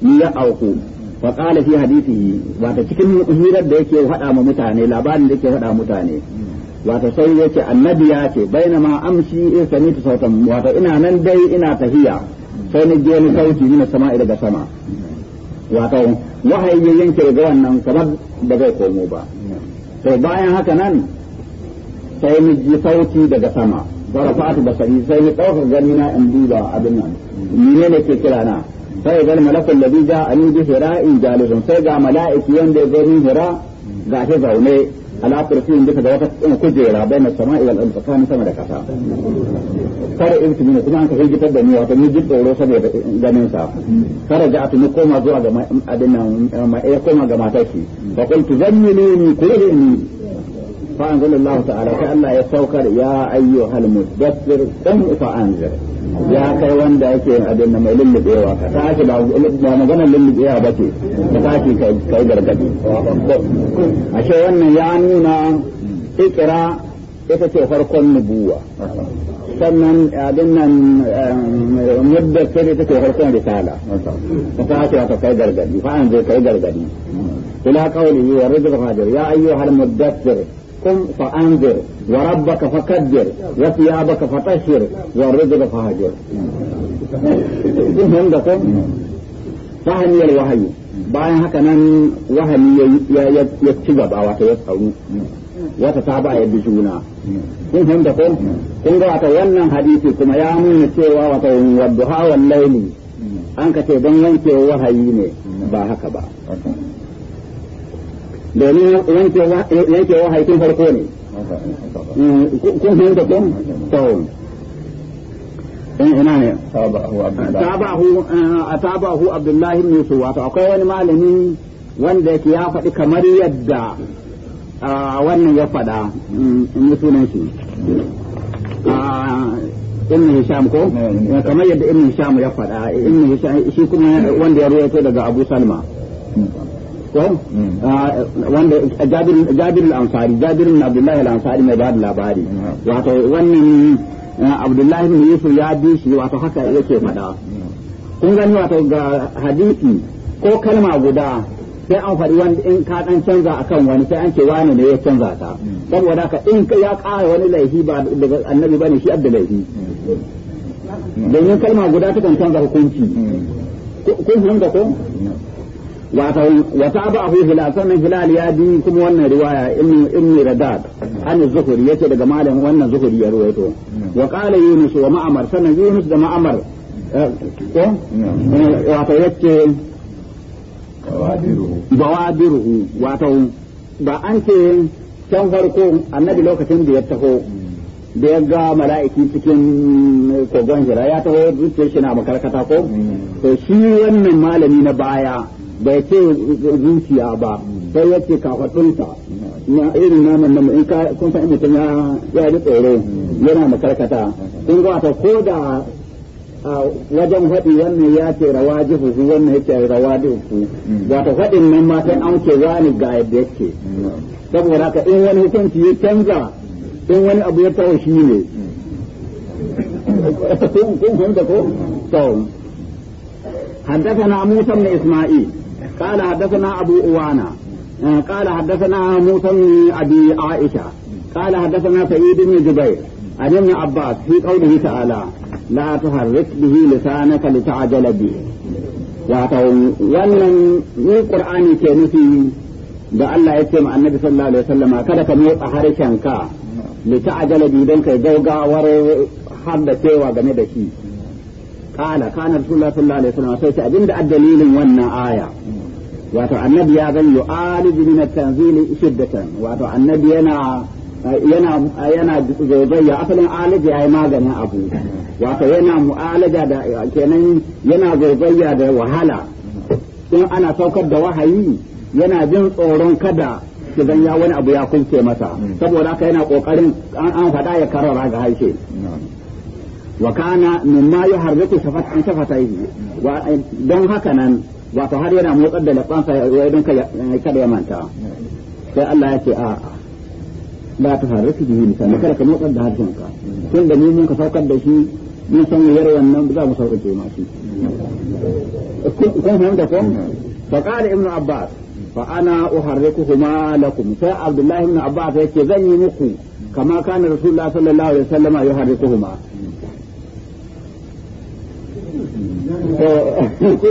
ya auku fa qala fi hadithihi cikin hirar da yake haɗa ma mutane labarin da yake faɗa mutane wato sai yake annabi ya ce bainama amshi in ta sautan wato ina nan dai ina tahiya sai ni je ni sauti ni sama'a daga sama wato wahayi ya yanke ga wannan kamar da zai komo ba sai bayan haka nan sai ni ji sauti daga sama zarafatu basari sai ni ɗaukar gani na in duba abin nan ne ke kira na sai ga malakul ladhi ja'a bi hira in jalisun sai ga mala'iki wanda ya zo min hira ga shi zaune ala kursiyin duka da wata kujera bai na sama'i wal ardi tsakanin sama da kasa kare ibti min kuma an ka hijitar da ni wato ni jin tsoro saboda ganin sa kare ja ni koma zuwa ga abin nan ma eh, koma ga matar shi fa qultu zammiluni kullu inni فأنزل الله تعالى كأن لا يستوكر يا أيها المدبر قم فأنزل يا كيوان دايكي أدنا ما يلل بيوا فتاكي بعض ما مغانا لل بيوا بكي فتاكي كيبر كي أشياء أن يعنينا إكرا إتتي فرق النبوة سنن أدنا مدبر إتتي فرق الرسالة فتاكي كيبر كي فأنزل كيبر كي إلى قوله ورد الغادر يا أيها المدبر قم فأنذر وربك فكبر وثيابك فطهر والرزق فهجر kun da kun ta hanyar wahayi bayan haka nan wahayi ya ci gaba wata ya tsaru wata ta ba ya bi kun da kun kun ga wannan hadisi kuma ya nuna cewa wata wadduha wal laili an ka ce don wanke wahayi ne ba haka ba domin yanke wahayin farko ne mm, kun fi yanka kun to ina ne eh, tabahu abdullahi ibn yusuf wato akwai wani malami wanda yake ya faɗi kamar yadda ah, wannan ya faɗa in mm, sunan shi ah, ibn hisham ko kamar yadda ibn hisham ya faɗa ibn hisham shi kuma wanda ya ruwaito daga abu salma mm. ko mm. ah, wanda jabir al-ansari jabir ibn abdullahi al-ansari mai bada labari mm. wato wannan ah, abdullahi ibn yusuf ya bi shi wato haka yake faɗa mm. kun gani wato ga hadisi ko kalma guda sai an faɗi wanda in ka dan canza akan wani sai an ce wani ne ya canza ta saboda ka in ya ƙara wani laifi ba daga annabi ba bane shi adda laifi domin kalma guda ta kan canza hukunci kun fahimta ko wato wata abu abu hilal sannan hilal ya bi kuma wannan riwaya ibn ibn radad an zuhuri yace daga malam wannan zuhuri ya ruwaito wa qala yunus wa ma'mar sannan yunus da ma'mar eh, ko eh, wato yace bawadiruhu wato ba an ce can farko annabi lokacin da ya taho da ya ga mala'iki cikin kogon hira ya taho zuciyar shi na makarkata ko mm. wannan malami na baya bai ce zuciya ba bai yake ce na irin naman nan in kun san mutum ya ya ji tsoro yana makarkata kun ga ta ko da wajen faɗi wannan ya ce rawa su wannan ya ce rawa jihuhu wata faɗin nan ma sai an ce wani ga yadda yake saboda haka in wani hukunci ya canza in wani abu ya tawo shi ne kun kun da ko حدثنا موسى بن إسماعيل قال حدثنا أبو أوانا قال حدثنا موسى بن أبي عائشة قال حدثنا سعيد بن جبير عن ابن عباس في قوله تعالى لا تحرك به لسانك لتعجل به wato wannan ni qur'ani ke nufi da Allah ya ce ma annabi sallallahu alaihi wasallama kada ka motsa harshen ka li ta'jala bi dan kai gaugawar har da cewa game da shi qala kana rasulullah sallallahu alaihi wasallam sai abinda addalilin wannan aya wato annabi ya zan yu'aliju min tanzili shiddatan wato annabi yana yana yana zozayya asalin alaji ya yi maganin abu wato yana mu'alaja da kenan yana zozayya da wahala in ana saukar da wahayi yana jin tsoron kada ki zan ya wani abu ya kunce masa saboda haka yana kokarin an faɗa ya karara ga harshe ya وكان yi wa don haka nan هكذا wato har yana motsar da lafansa ya don kada ya manta sai Allah ya ce a ba ta faru su bihi misali kada ka motsar da harshenka tun da ni mun ka saukar da shi mun san yayar wannan za mu saukar da shi kun fahimta ko fa qala ibnu abbas fa ana uharrikuhuma lakum sai abdullahi ibnu abbas yake zan yi muku kama kana rasulullahi sallallahu alaihi wasallam yuharrikuhuma kun eh, ko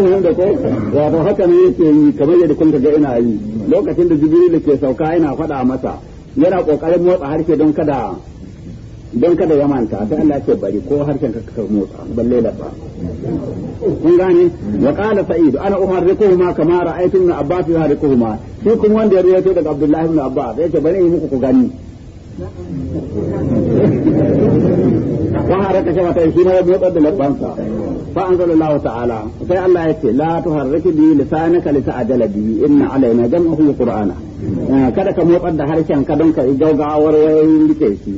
wato haka ne yake yi kamar yadda kun ga ina yi lokacin da jibril ke sauka ina faɗa masa yana kokarin motsa harshe don kada don kada ya manta sai Allah ce bari ko harshen ka ka motsa balle da ba kun gane wa qala sa'id ana uharrikuhuma kama ra'aytu na abbas yuharrikuhuma shi kuma wanda ya riyato daga abdullahi ibn abbas yace bari yi muku ku gani وحرك شفتيه وبيض لبنسا فأنزل الله تعالى في الله يتي لا تحرك به لسانك لتعجل به إن علينا جمعه قرآنا kada ka motsar da harshen ka don ka gaugawar wayoyin rike shi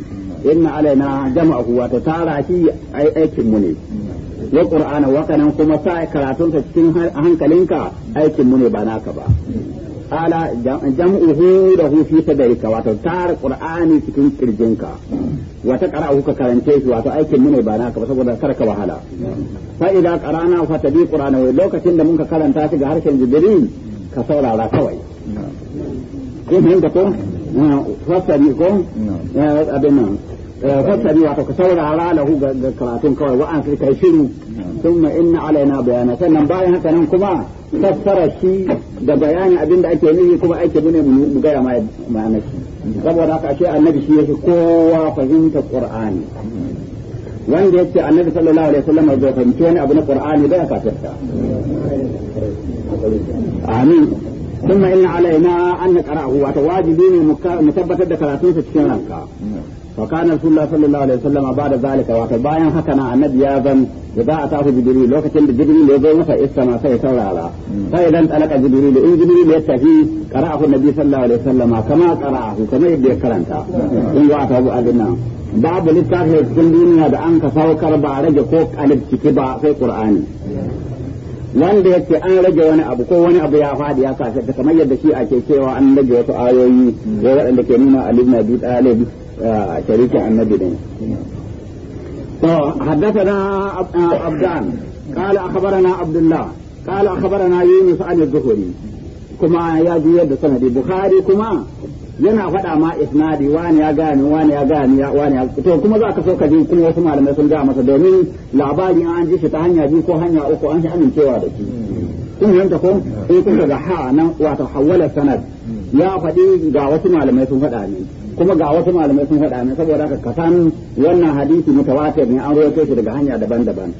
inna alaina jama'ahu wato tara shi aikin mu ne wa qur'ana wa kana kuma sa karatunta cikin hankalinka aikin ne ba naka ba ala jam'uhu da hu fi sadrika wato tara qur'ani cikin kirjinka wata qara'u ka karance shi wato aikin mu ne ba naka ba saboda kar ka wahala fa idza qara'na fa tabi qur'ana lokacin da muka karanta shi ga harshen jibril ka saurara kawai ko fasari wato ka saurara lahu ga karatun kawai wa an kai shiru thumma inna alaina bayana sannan bayan haka nan kuma fassara shi da bayani abinda ake nufi kuma ake nuna mu gaya ma ma'anar shi saboda haka ashe annabi shi yake kowa fahimta qur'ani wanda yace annabi sallallahu alaihi wasallam bai fahimci wani abu na qur'ani ba ya kafirta amin ثم إن علينا أن نقرأه وتواجبين مثبتة ذكراتنا في الشنكة فكان رسول الله صلى الله عليه وسلم بعد ذلك وكباين حكنا النبي يازم إذا أتاه جبريل لو كان جبريل يزوم فإسما سيسول على فإذا انطلق جبريل إن جبريل a قرأه النبي صلى الله عليه وسلم كما قرأه كما يبدي كرنتا إن وعته أدنى babu littafin cikin duniya da an ka saukar ba rage ko alif ciki ba sai qur'ani wanda yake an rage wani abu ko wani abu ya faɗi ya kashe kamar yadda shi ake cewa an rage wasu ayoyi da waɗanda ke nuna alif na biyu شريك النبي حدثنا عبدان قال أخبرنا عبد الله قال أخبرنا يونس عن الزهري كما يا جيد سند البخاري كما yana faɗa ma isnadi wani ya gane wani ya gane wani ya to kuma za ka so ka ji kuma wasu malamai sun ga masa domin labari an ji shi ta hanya biyu ko hanya uku an shi amincewa da kun yanta ko in kun ga ha nan wato hawala sanad ya faɗi ga wasu malamai sun faɗa ne kuma ga wasu malamai sun faɗa min saboda haka ka san wannan hadisi mutawatir ne an rawaito shi daga hanya daban-daban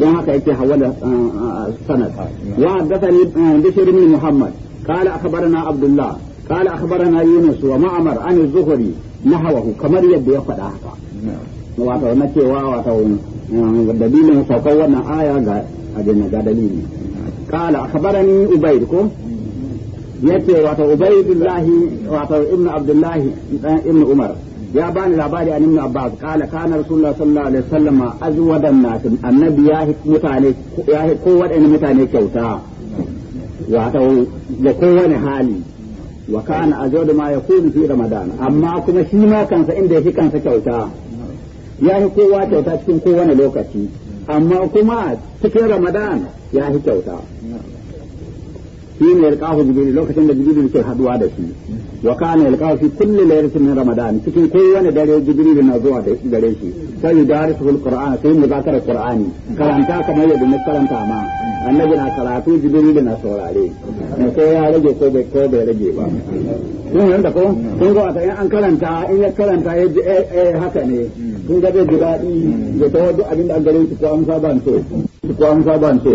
don haka yake hawala eh, eh, sanad wa haddathani eh, bishr ibn muhammad qala akhbarana abdullah qala akhbarana yunus wa ma'mar an az-zuhri nahawahu kamar yadda ya faɗa haka wato na cewa wato dalilin saukar wannan aya ga abin ga dalili qala akhbarani ubayd ko yace wato ubaydullahi wato ibnu abdullahi dan eh, ibnu umar ya bani labari an ibnu abbas kana kana rasulullah sallallahu alaihi wasallam azwadan nas annabi ya mutane ya ko wadanne mutane kyauta wato da kowane hali wa kana azwad ma yakunu fi ramadan amma kuma shi ma kansa inda yake kansa kyauta ya yi kowa kyauta cikin kowane lokaci amma kuma cikin ramadan ya yi kyauta shi ne yalqahu jibril lokacin da jibril ke haduwa da shi wa kana yalqahu fi kulli laylatin min ramadan cikin kowane dare jibril na zuwa da dare shi sai yudarisu alquran sai muzakara qur'ani karanta kamar yadda na karanta ma annabi na karatu jibril na saurare ne ko ya rage ko bai ko bai rage ba kun yanda ko kun ga in an karanta in ya karanta ya ji eh, eh haka ne kun ga zai ji daɗi ya tawo duk abin da an gare shi ko an saba so ko an saba so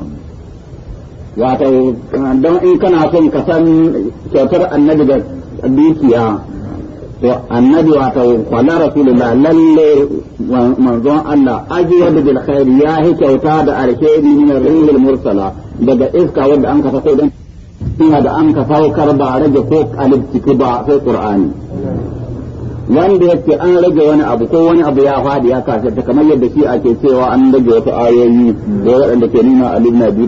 wato don in kana son ka san kyautar annabi da dukiya to annabi wato kwallon rasulullah lalle manzon Allah ajiyar bil khairi ya yi kyauta da alheri min rihil mursala daga iska wadda an ka ko don ina da an ka saukar ba rage ko alif ciki ba sai qur'ani wanda yake an rage wani abu ko wani abu ya faɗi ya kasance kamar yadda shi ake cewa an rage wasu ayoyi da waɗanda ke nuna alif bi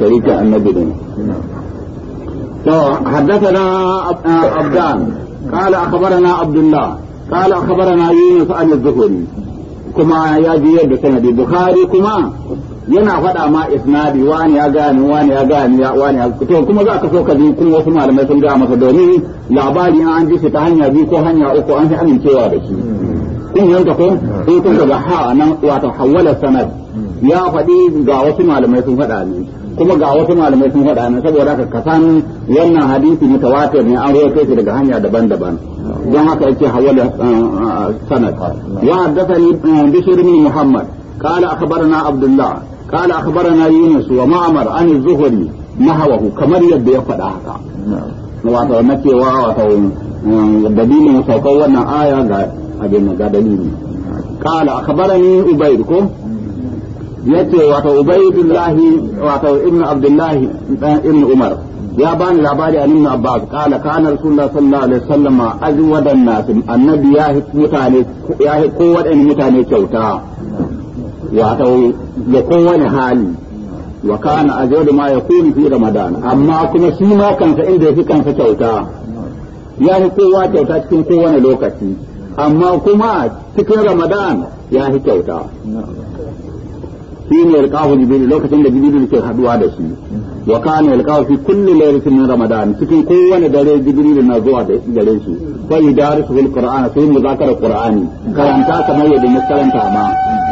شريك النبي حدثنا عبدان قال أخبرنا عبد الله قال أخبرنا yana faɗa ma isnadi to kuma za so ka ji kuma wasu malamai sun ga masa labari an ji ta hanya biyu ko hanya uku an amincewa da shi kun yanka ha nan wato sanad ya faɗi ga wasu malamai sun faɗa ne kuma ga wasu malamai sun faɗa ne saboda haka ka san wannan hadisi ne wata ne an rawaito shi daga hanya daban-daban don haka yake hawala eh, sanad wa haddathani eh, bishr bin muhammad qala akhbarana abdullah qala akhbarana yunus wa ma'mar an az-zuhri nahawahu kamar yadda ya faɗa haka wato na cewa wato eh, dalilin saukar wannan aya ga abin ga dalili قال أخبرني أبيد yace wato ubaidullahi wato ibnu abdullahi eh, ibnu umar ya bani labari an ibnu abbas qala kana rasulullah sallallahu alaihi wasallam azwadan nas annabi ya hi mutane ya hi kowanne mutane kyauta wato da kowane hali wa kana azwadu ma yakun fi ramadan amma kuma shi ma kansa inda yake kansa kyauta ya hi kowa kyauta cikin kowane lokaci amma kuma cikin ramadan ya hi kyauta shine alqahu jibril lokacin da jibril ke haduwa da shi wa kana alqahu fi kulli laylatin min ramadan cikin kowane dare jibril na zuwa da gare shi fa idarisu alquran fi muzakara alqurani karanta kamar yadda ma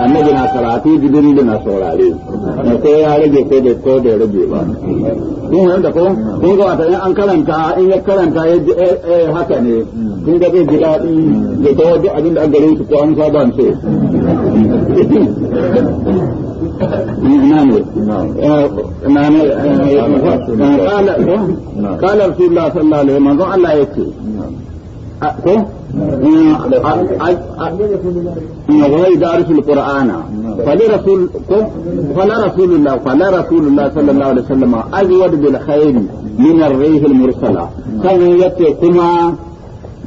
annabi na salati jibril na saurare ne ko ya rage ko da ko da rage ba da ko ga ta an karanta in ya karanta ya eh, eh, haka ne kun ga zai ji daɗi ya tawo abin da an gare shi ko an saba ce قال رسول الله صلى الله عليه وسلم الله يكفي نعم. آه، نعم. آه، آه، وهو يدارس القرآن نعم. فلرسول فلا رسول الله فلا رسول الله صلى الله عليه وسلم أزود بالخير من الريح المرسلة كان يتي كما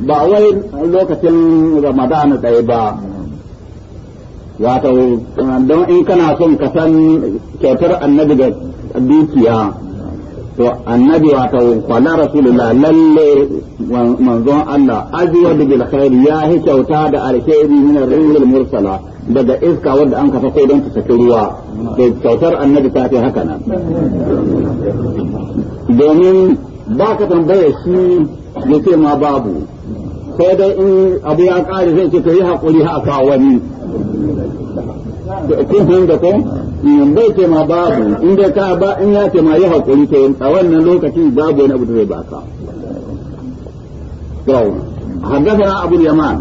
ba لوكتين رمضان ramadana wato don in kana son ka san kyautar annabi da dukiya to annabi wato kwallon rasulullah lalle manzon Allah azuwa da bil khairi ya hi kyauta da alkhairi min ar mursala daga iska wanda an kafa ko don ta saki ruwa da kyautar annabi ta fi haka nan domin ba ka tambaya shi ya ma babu sai dai in abu ya kare zai ce kai yi haƙuri ha ka wani kun san da ko in bai ce ma babu in dai ka ba in ya ce ma yi haƙuri to a wannan lokaci babu wani abu da zai baka to yaman an اليمان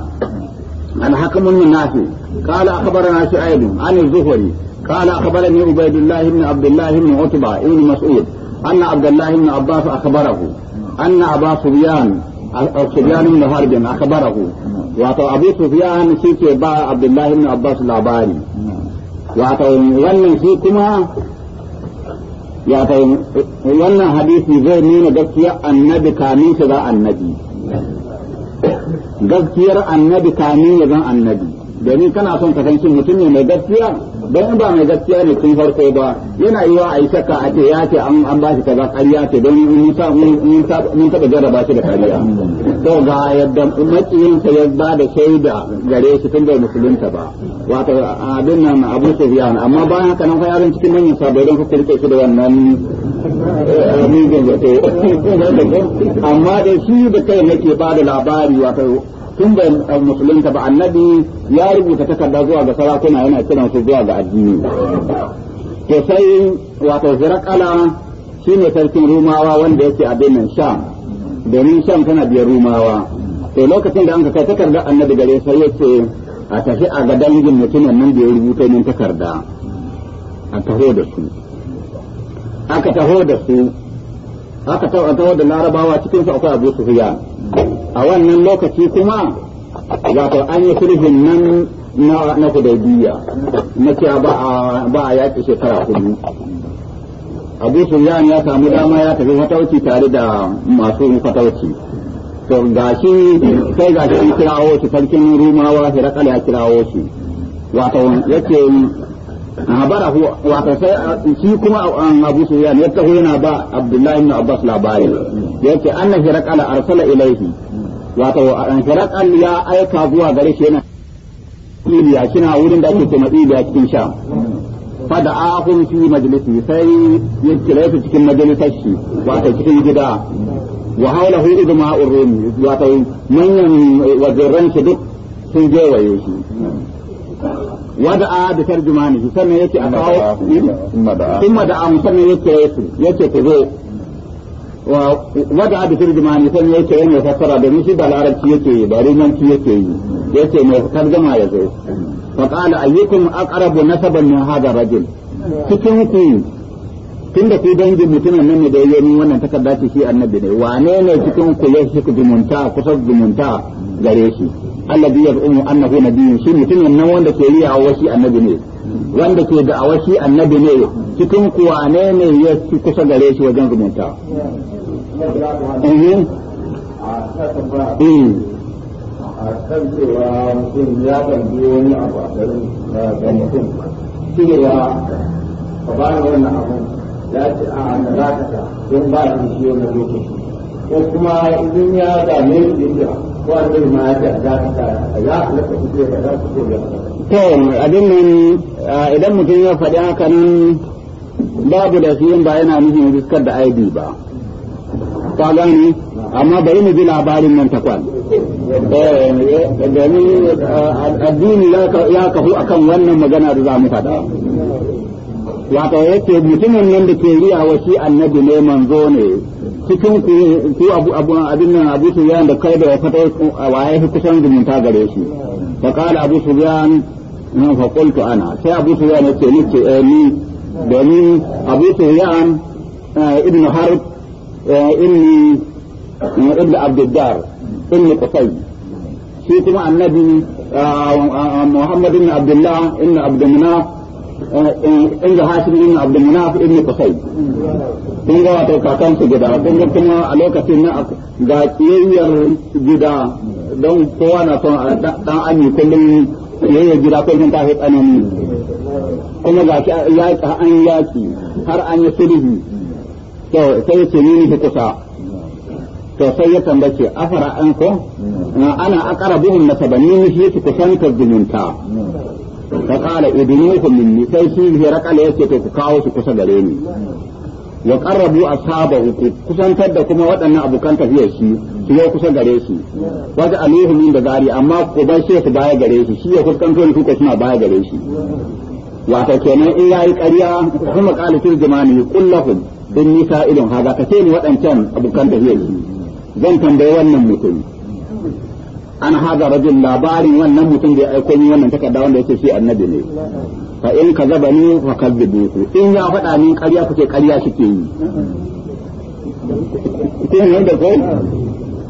عن حكم النافي قال أخبرنا an عن الزهري قال أخبرني عبيد الله بن عبد الله بن عتبة بن مسعود أن عبد الله بن عباس أخبره أن أبا سفيان Sufyan ibn Harbi na aka Abu Sufyan shi ke ba Abdullahi ibn Abbas labari wato wannan shi kuma wannan hadisi zai nuna gaskiya annabi kamin shi annabi gaskiyar annabi kamin ya zan annabi domin kana son ka san shi mutum ne mai gaskiya don ba mai gaskiya ne sun farko ba yana yiwa a yi shakka a ce ya ce an ba shi kaza ƙarya ce don mun taɓa jarraba shi da ƙarya to ga yadda makiyinsa ya ba da shaida gare shi tun bai musulunta ba wato abin nan abu sufiyan amma bayan haka nan fa yaron cikin manyan sabai don kuka rike shi da wannan eh, amma da shi da kai nake ba da labari wato tun da eh, ta ba annabi ya rubuta takarda zuwa ga sarakuna yana kiran su zuwa ga addini to sai wato zirakala ne sarkin rumawa wanda yake a benin sham domin sham tana biyar rumawa to lokacin da an ka kai takardar annabi gare sai yace a tafi a ga dangin mutumin nan da ya rubuta min takarda a taho da su aka taho da su haka ta kawar da larabawa cikin su akwai abu sufiya a wannan lokaci kuma wato an yi sulhin nan na hudaybiya na cewa ba a yaƙi shekara kudu abu sufiyan ya samu dama ya tafi fatauci tare da masu fatauci to gashi sai gashi kirawo shi sarkin rumawa hirakal ya kirawo shi wato yake habarahu wato sai uh, shi kuma uh, um, Abu Sufyan ya taho yana ba Abdullahi ibn Abbas labari yace anna hirqal arsala ilayhi wato an uh, hirqal ya aika zuwa gare shi yana Iliya kina wurin da ake ce Iliya cikin Sham fada ahun fi majalisi sai ya kira su cikin majalisar shi wato cikin gida wa haula hu idma'ur rumi wato manyan waziran shi duk sun je waye shi a da tarjumani sannan yake a kawo ma da a musamman yake yesu yake ku zo a da tarjumani sannan yake yin ya fassara da nishi da larabci yake yi da rimanci yake yi yake mai tarjuma ya zo fa qala ayyukum aqrabu nasaban min hadha rajul cikin ku tunda ku dangin mutumin nan ne da yayi wannan takarda ce shi annabi ne wane ne cikin ku ya shi zumunta kusa zumunta gare shi alladhi yad'u annahu nabiyyun shi mutumin nan wanda ke riya wasi annabi ne wanda ke da wasi annabi ne cikin kuwa ne ne ya ci kusa gare shi wajen zumunta eh eh a kan cewa mutum ya tambaye wani abu a garin da mutum cewa ka ba ni wannan abu ya ce a na za ka ta don ba shi shi wannan lokaci ko kuma idan ya dame shi da abin nan idan mutum ya faɗi haka nan babu da yin ba yana nufin riskar da ib ba ka gani amma bari mu ji labarin nan ta kwan eh, domin eh, addini ya kafu akan wannan magana da za mu faɗa wato yake mutumin nan da ke riyawa shi annabi ne manzo ne cikin ku ku abu abu abin nan abu sufyan da kai da ya a waye shi kusan zumunta gare shi fa kala abu sufyan nan fa qultu ana sai abu sufyan ce ni ce eh ni domin abu sufyan eh, ibn harb eh, inni eh, ibn abdiddar inni qasay shi kuma annabi muhammadin abdullah ibn abdullah inda hasim ibn abdul munaf ibn qusay kun ga wato kakan su gida kuma a lokacin na ga kiyayyar gida don kowa na son dan kullum gida kuma ga ya an yaki har an yi sulhu to sai ce ni kusa to sai ya tambace afara an ko ana aqrabuhum nasaban ni shi kusantar zumunta fa qala idnuhum minni sai shi hirakal yake to ku kawo su kusa gare ni wa qarrabu ashabahu ku kusantar da kuma waɗannan abokan tafiyar shi su yau kusa gare su waja aluhu inda da zari amma ku bar shi su baya gare su shi ya fuskanto ni kuka suna baya gare shi wato kenan in yayi ƙarya kuma qala turjumani qul lahum bin nisa'ilun haza kace ni waɗancan abukan tafiyar shi zan tambayi wannan mutum an haza rajul labarin wannan mutum da ya aiko ni wannan takarda wanda yake shi annabi ne fa in ka zaba ni fa ku in ya faɗa min ƙarya kuke ƙarya kike yi kun yi da ko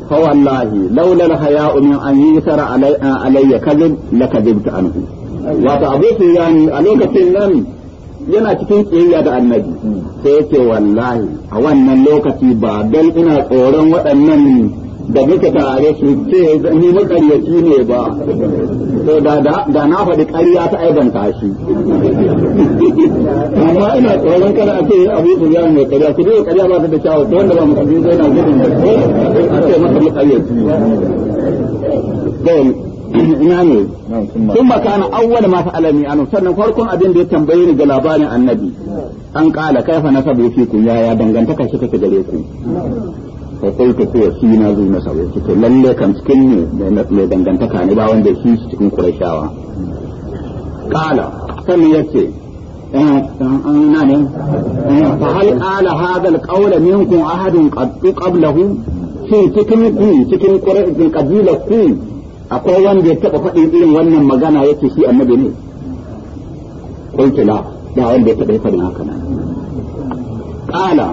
fa wallahi laula al haya'u min an yusara alayya kadhib la kadhibtu anhu wato abu yani a lokacin nan yana cikin kiyayya da annabi sai yake wallahi a wannan lokaci ba dan ina tsoron waɗannan da muke tare su ce ni makaryaci ne ba to da da na faɗi ƙarya ta aibanta shi amma ina tsoron kada a ce abu su ya mai ƙarya su dai ƙarya ba ta da kyawu wanda ba makaryaci zai na gudun da ko a ce masa makaryaci ina ne sun makana awwal ma alami anu sannan farkon abin da ya tambaye ni ga labarin annabi an kala kaifa sabu fi kun ya ya dangantaka shi take gare ku fa qultu huwa shi na zai masa wai to lalle kan cikin ne mai dangantaka ne ba wanda shi cikin qurayshawa qala sannan yace eh, eh, eh, ina ne fa hal ala hadha alqawl minkum ahadun qad qablahu shin cikin ku cikin qurayshin kabila ku akwai wanda ya taba faɗin irin wannan magana yake shi annabi ne qultu la ba wanda ya taba faɗin haka nan qala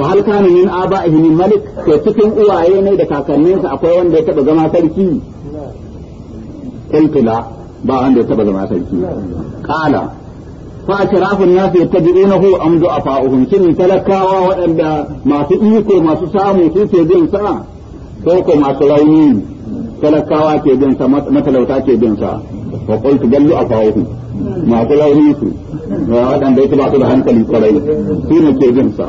wa hal kana min aba'ihi min malik to cikin uwaye ne da kakannin sa akwai wanda ya taba zama sarki iltila ba wanda ya taba zama sarki qala fa ashrafun nas yattabi'unahu am du'afa'uhum kin talakawa wa waɗanda masu iko masu samu su ce bin sa ko ko masu rauni talakawa ke bin sa matalauta ke bin sa wa qultu gallu afa'uhum masu rauni su wa wadanda ya taba su da hankali kwarai su ne ke bin sa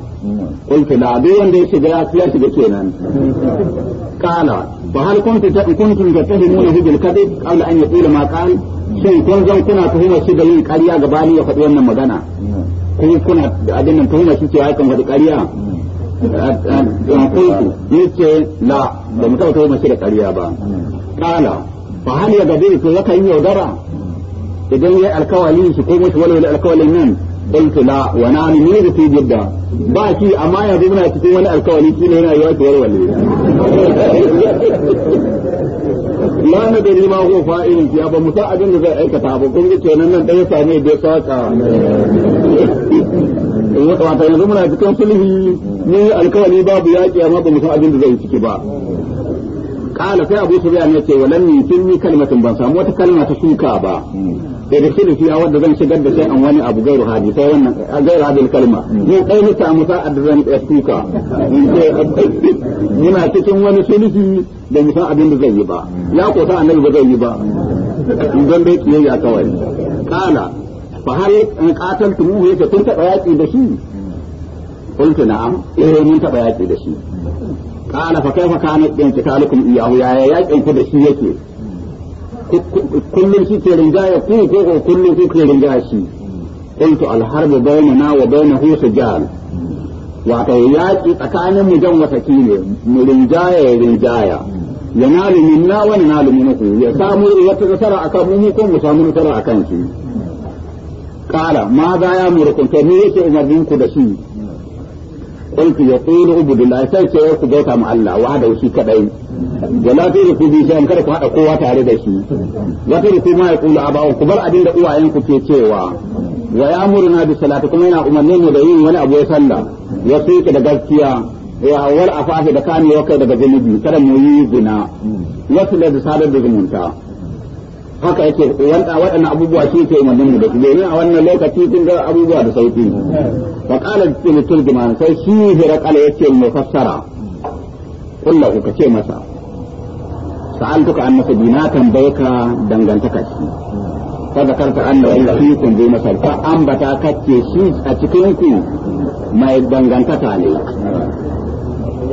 قلت لا دو wanda ya shiga ya shiga kenan kala ba hal kuntu ta kuntum tattahimuna bil kadhib qabla an yaqula ma kan. shin kun zan kuna tuhuma shi da yin ƙarya gabani ya faɗi wannan magana ko kuna abin nan tuhuma shi cewa kan faɗi ƙarya kuntu yace la ba mu taɓa tuhuma shi da ƙarya ba kala ba hal ya gabe to yakan yaudara idan ya alkawali shi ko mashi walwala alkawalin nan قلت لا وانا نريد في جدة باكي اما يظن تكون وانا الكواليسين هنا يوات والولي لا ندري ما هو فائل في ابا مساء اجن زي اي كتاب وكل شيء نن نن دي سامي دي ساكا wato yanzu muna cikin sulhi yi alkawari babu yaƙi amma ba mu san abin da zai ciki ba kala sai abu su ne ce wa ni kin ni kalmatin ban samu wata kalma ta shuka ba da da fiya wanda zan shigar da sai an wani abu gairu hadi sai wannan gairu hadi kalma ni kai ni ta musa da zan tuka in ce muna cikin wani sulhi da musa abin da zai yi ba ya ko sa annabi zai yi ba idan bai ya kawai kana fa hal in qataltumuhu yake kun taba bayaki da shi qultu na'am eh mun taba bayaki da shi kana fa kaifa kana din talukum iyahu ya yakin ku da shi yake kullum suke ke rinjaya ku ko ko kullum ku ke rinjaya shi qultu alharbu harbu bainana wa bainahu sijal wato yaki tsakanin mu jan wata ne mu rinjaya ya rinjaya yanalu minna wa yanalu minkum ya samu wata tsara akan mu ko mu samu tsara akan shi kala ma za ya murkunta me yake umarninku da shi kanku ya kowa ni ubudullahi sai ce yaushe zaita mu Allah wa hada wasu kadai da laturu biyu da shi an kada ku kowa tare da shi laturu kuma ya kula a baku ku bar abin da uwa yanku ke cewa. wa'amurra na bi salatu kuma yana umarni ne da yin wani abu ya salla ya siya da gaskiya ya auri a fahimta da kamewa kai daga dalibi kada mu yi gina ya siya shi sadar da zumunta. haka yake wanda waɗannan abubuwa shi ke umarnin mu da su domin a wannan lokaci kun ga abubuwa da sauki fa qala ibn turjuman sai shi hirqala yace mu fassara kullu ka ce masa duka an masa dinatan tambayka dangantaka shi fa zakarta anna fi kun bi masal fa ambata kace shi a cikin ku mai dangantaka ne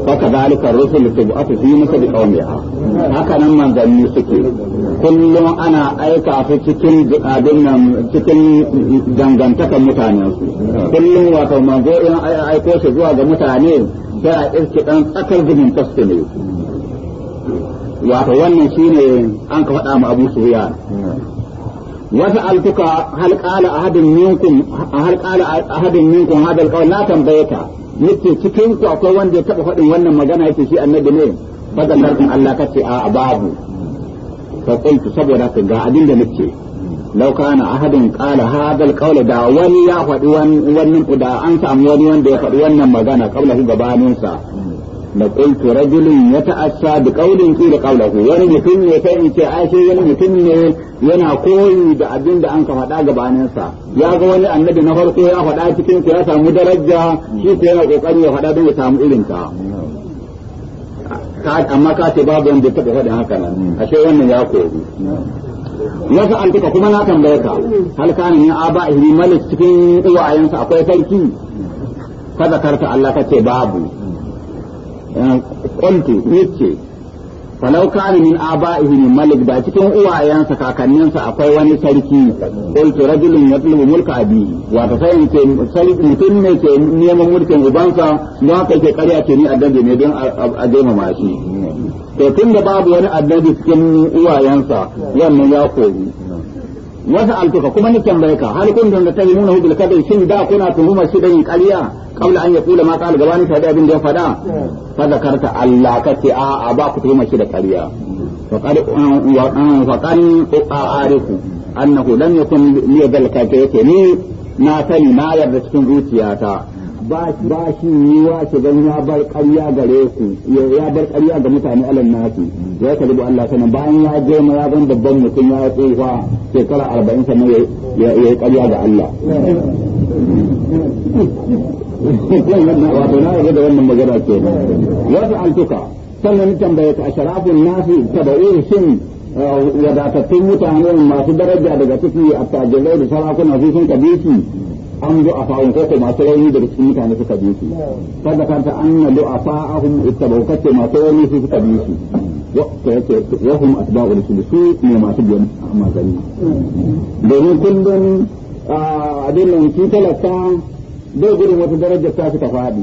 فكذلك الرسل تبعث في مثل قومها هكذا من ذنبي suke. kullum ana aika في cikin abin nan cikin dangantakan mutanen su kullum wato manzo in aiko shi zuwa ga mutane sai a irki dan tsakar gudun tasu ne wato wannan shine an ka faɗa ma Abu Sufyan wasu altuka hal qala ahadun minkum hal qala ahadun minkum hadal qawl la tambayta nake cikin ku akwai wanda ya taba fadin wannan magana yake shi annabi ne baga sarkin Allah ka a babu to kai saboda ka ga abin da nake law kana ahadun qala hadha alqawla da wani ya faɗi wannan wannan an samu wani wanda ya faɗi wannan magana kaula shi gabanin sa da qultu rajulun kaulin bi qawlin qila qawluhu wani mutum ne sai in ce wani mutum ne yana koyi da abinda an ka faɗa gabanin sa ya ga wani annabi na farko ya faɗa cikin ya samu daraja shi ko yana kokari ya faɗa don ya samu irin ta amma ka ce babu wanda taɓa faɗin haka nan ashe wannan ya kori wasu altuka kuma na tambaye ka hal kana min aba ihli malik cikin uwayensa akwai sarki ka zakarta Allah kace babu qultu yace falau kana min aba'ihim malik da cikin uwayensa kakanninsa akwai wani sarki qultu rajulun yatlubu mulka biyu wata sai in ce mutum ne ke neman mulkin ubansa don haka ke karya ce ni addabi ne don a girmama shi to tun da babu wani addabi cikin uwayensa wannan ya koyi wasu altuka kuma ni kyan baika hal kun da ta yi muna hudul kadar shin da kuna tuhuma shi da karya kariya an ya kula ma kal gabani ta abin da ya fada fa zakarta allah ka ce a ba ku tuhuma shi da karya. fa qad um, wa an um, fa qad a'arifu yake ni na sani na yarda cikin zuciyata ba shi yiwa ki zan ya bar ƙarya gare ku ya bar ƙarya ga mutane alan nasu ya ka rubu Allah sana bayan ya je ma ya zan babban mutum ya tsufa shekara arba'in sana ya yi ƙarya ga Allah wato na yarda da wannan magana ke wata altuka sannan tambaye ka asharafin nasu taba'in shin uh, wadatattun mutane masu daraja daga ciki a tajirai da sarakuna su sun kabisi an du'afa'un ko ko masu rauni daga cikin mutane suka bi su kada ka ta anna du'afa'ahum ita kace masu rauni su suka bi su yake yahun a hum wani rasul su ne masu biyan magani domin kullum a ah, dinnan ki talata bai wata darajar ta fita faɗi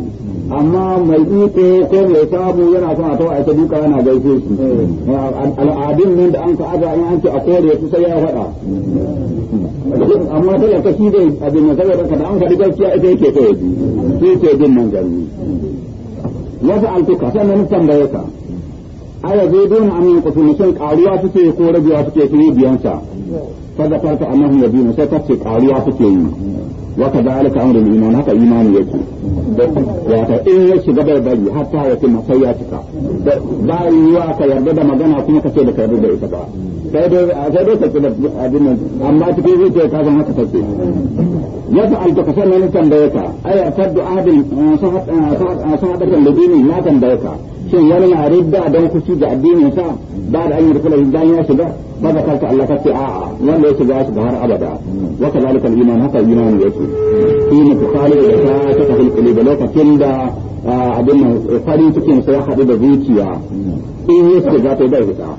amma mai iko ko mai samu yana son a tawa aika duka yana gaishe shi eh. al'adun nan da an ka aza in an ce a kore su sai ya faɗa amma talaka shi zai abin nan saboda ka da an faɗi gaskiya ita yake so ya ji ce bin nan gari wasu altuka sannan tambaye ka aya zai dona amin kusuri shin karuwa suke ko rabuwa suke su yi biyansa kada farta annahum yabinu sai kace karuwa suke yi waka zalika amrul iman haka imani yake wato in ya shiga bai bari hatta ya kuma sai ya cika ba yiwa ka yarda da magana kuma kace ce da yarda da ita ba sai dai sai dai ka kula abin nan amma cikin zuciya ka san haka take ya fa alta ka san nan tambaye ka ay taddu adil sahadatan ladini na tambaye ka shin wani na ridda don kuci da addinin sa ba da an yi rukula bayan ya shiga ba da karta Allah kace a'a wanda ya shiga shiga har abada wa kadhalika al-iman haka iman yake shi ne ku kale da ta ta fil qulub lokacin da abin nan farin cikin sai haɗu da zuciya in ya shiga to bai fita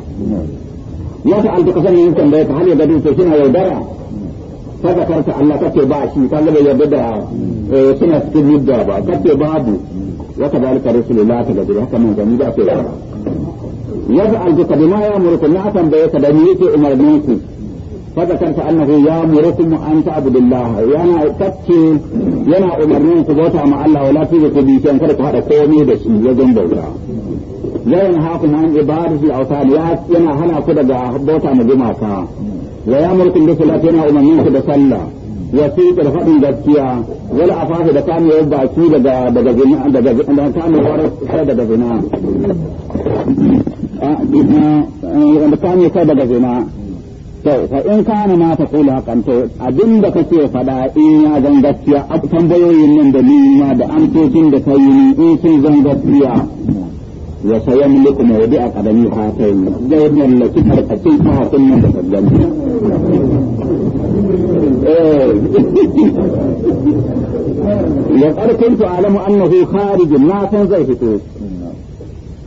ya ta alta kasan yin tambaya ta hal ya gadi to kina yaudara ka zakarta Allah kace ba shi kaga bai yarda da suna cikin yadda ba kace babu وكذلك الرسل لا تجدر هكا من زميل أفيرا يفعل بك بما يأمركم نعتا بيت بنيك أمر منكم فذكرت أنه يأمركم أن تعبد الله يانا تبكي يانا أمرنيك بوتا مع الله ولا تجدك بيشان كرك هذا قومي بشي يجن بوتا ينهاكم عن عبادة الأوثان يانا هنا كده بوتا مجمعك ويأمركم بصلاة يانا أمرنيك بصلاة wasiƙar faɗin gaskiya wani a fasa da kame yau baki daga daga zina daga da kame warar daga zina da daga zina to fa in kana ma ta kula hakan to abin da kake faɗa in ya zan gaskiya tambayoyin nan da nima da amsoshin da ta yi in sun zan gaskiya وسيملك موضع قدمي هاتين جايبنا التي فرقتين هاتين من الجنة وقد إيه. كنت أعلم أنه خارج لا تنزيته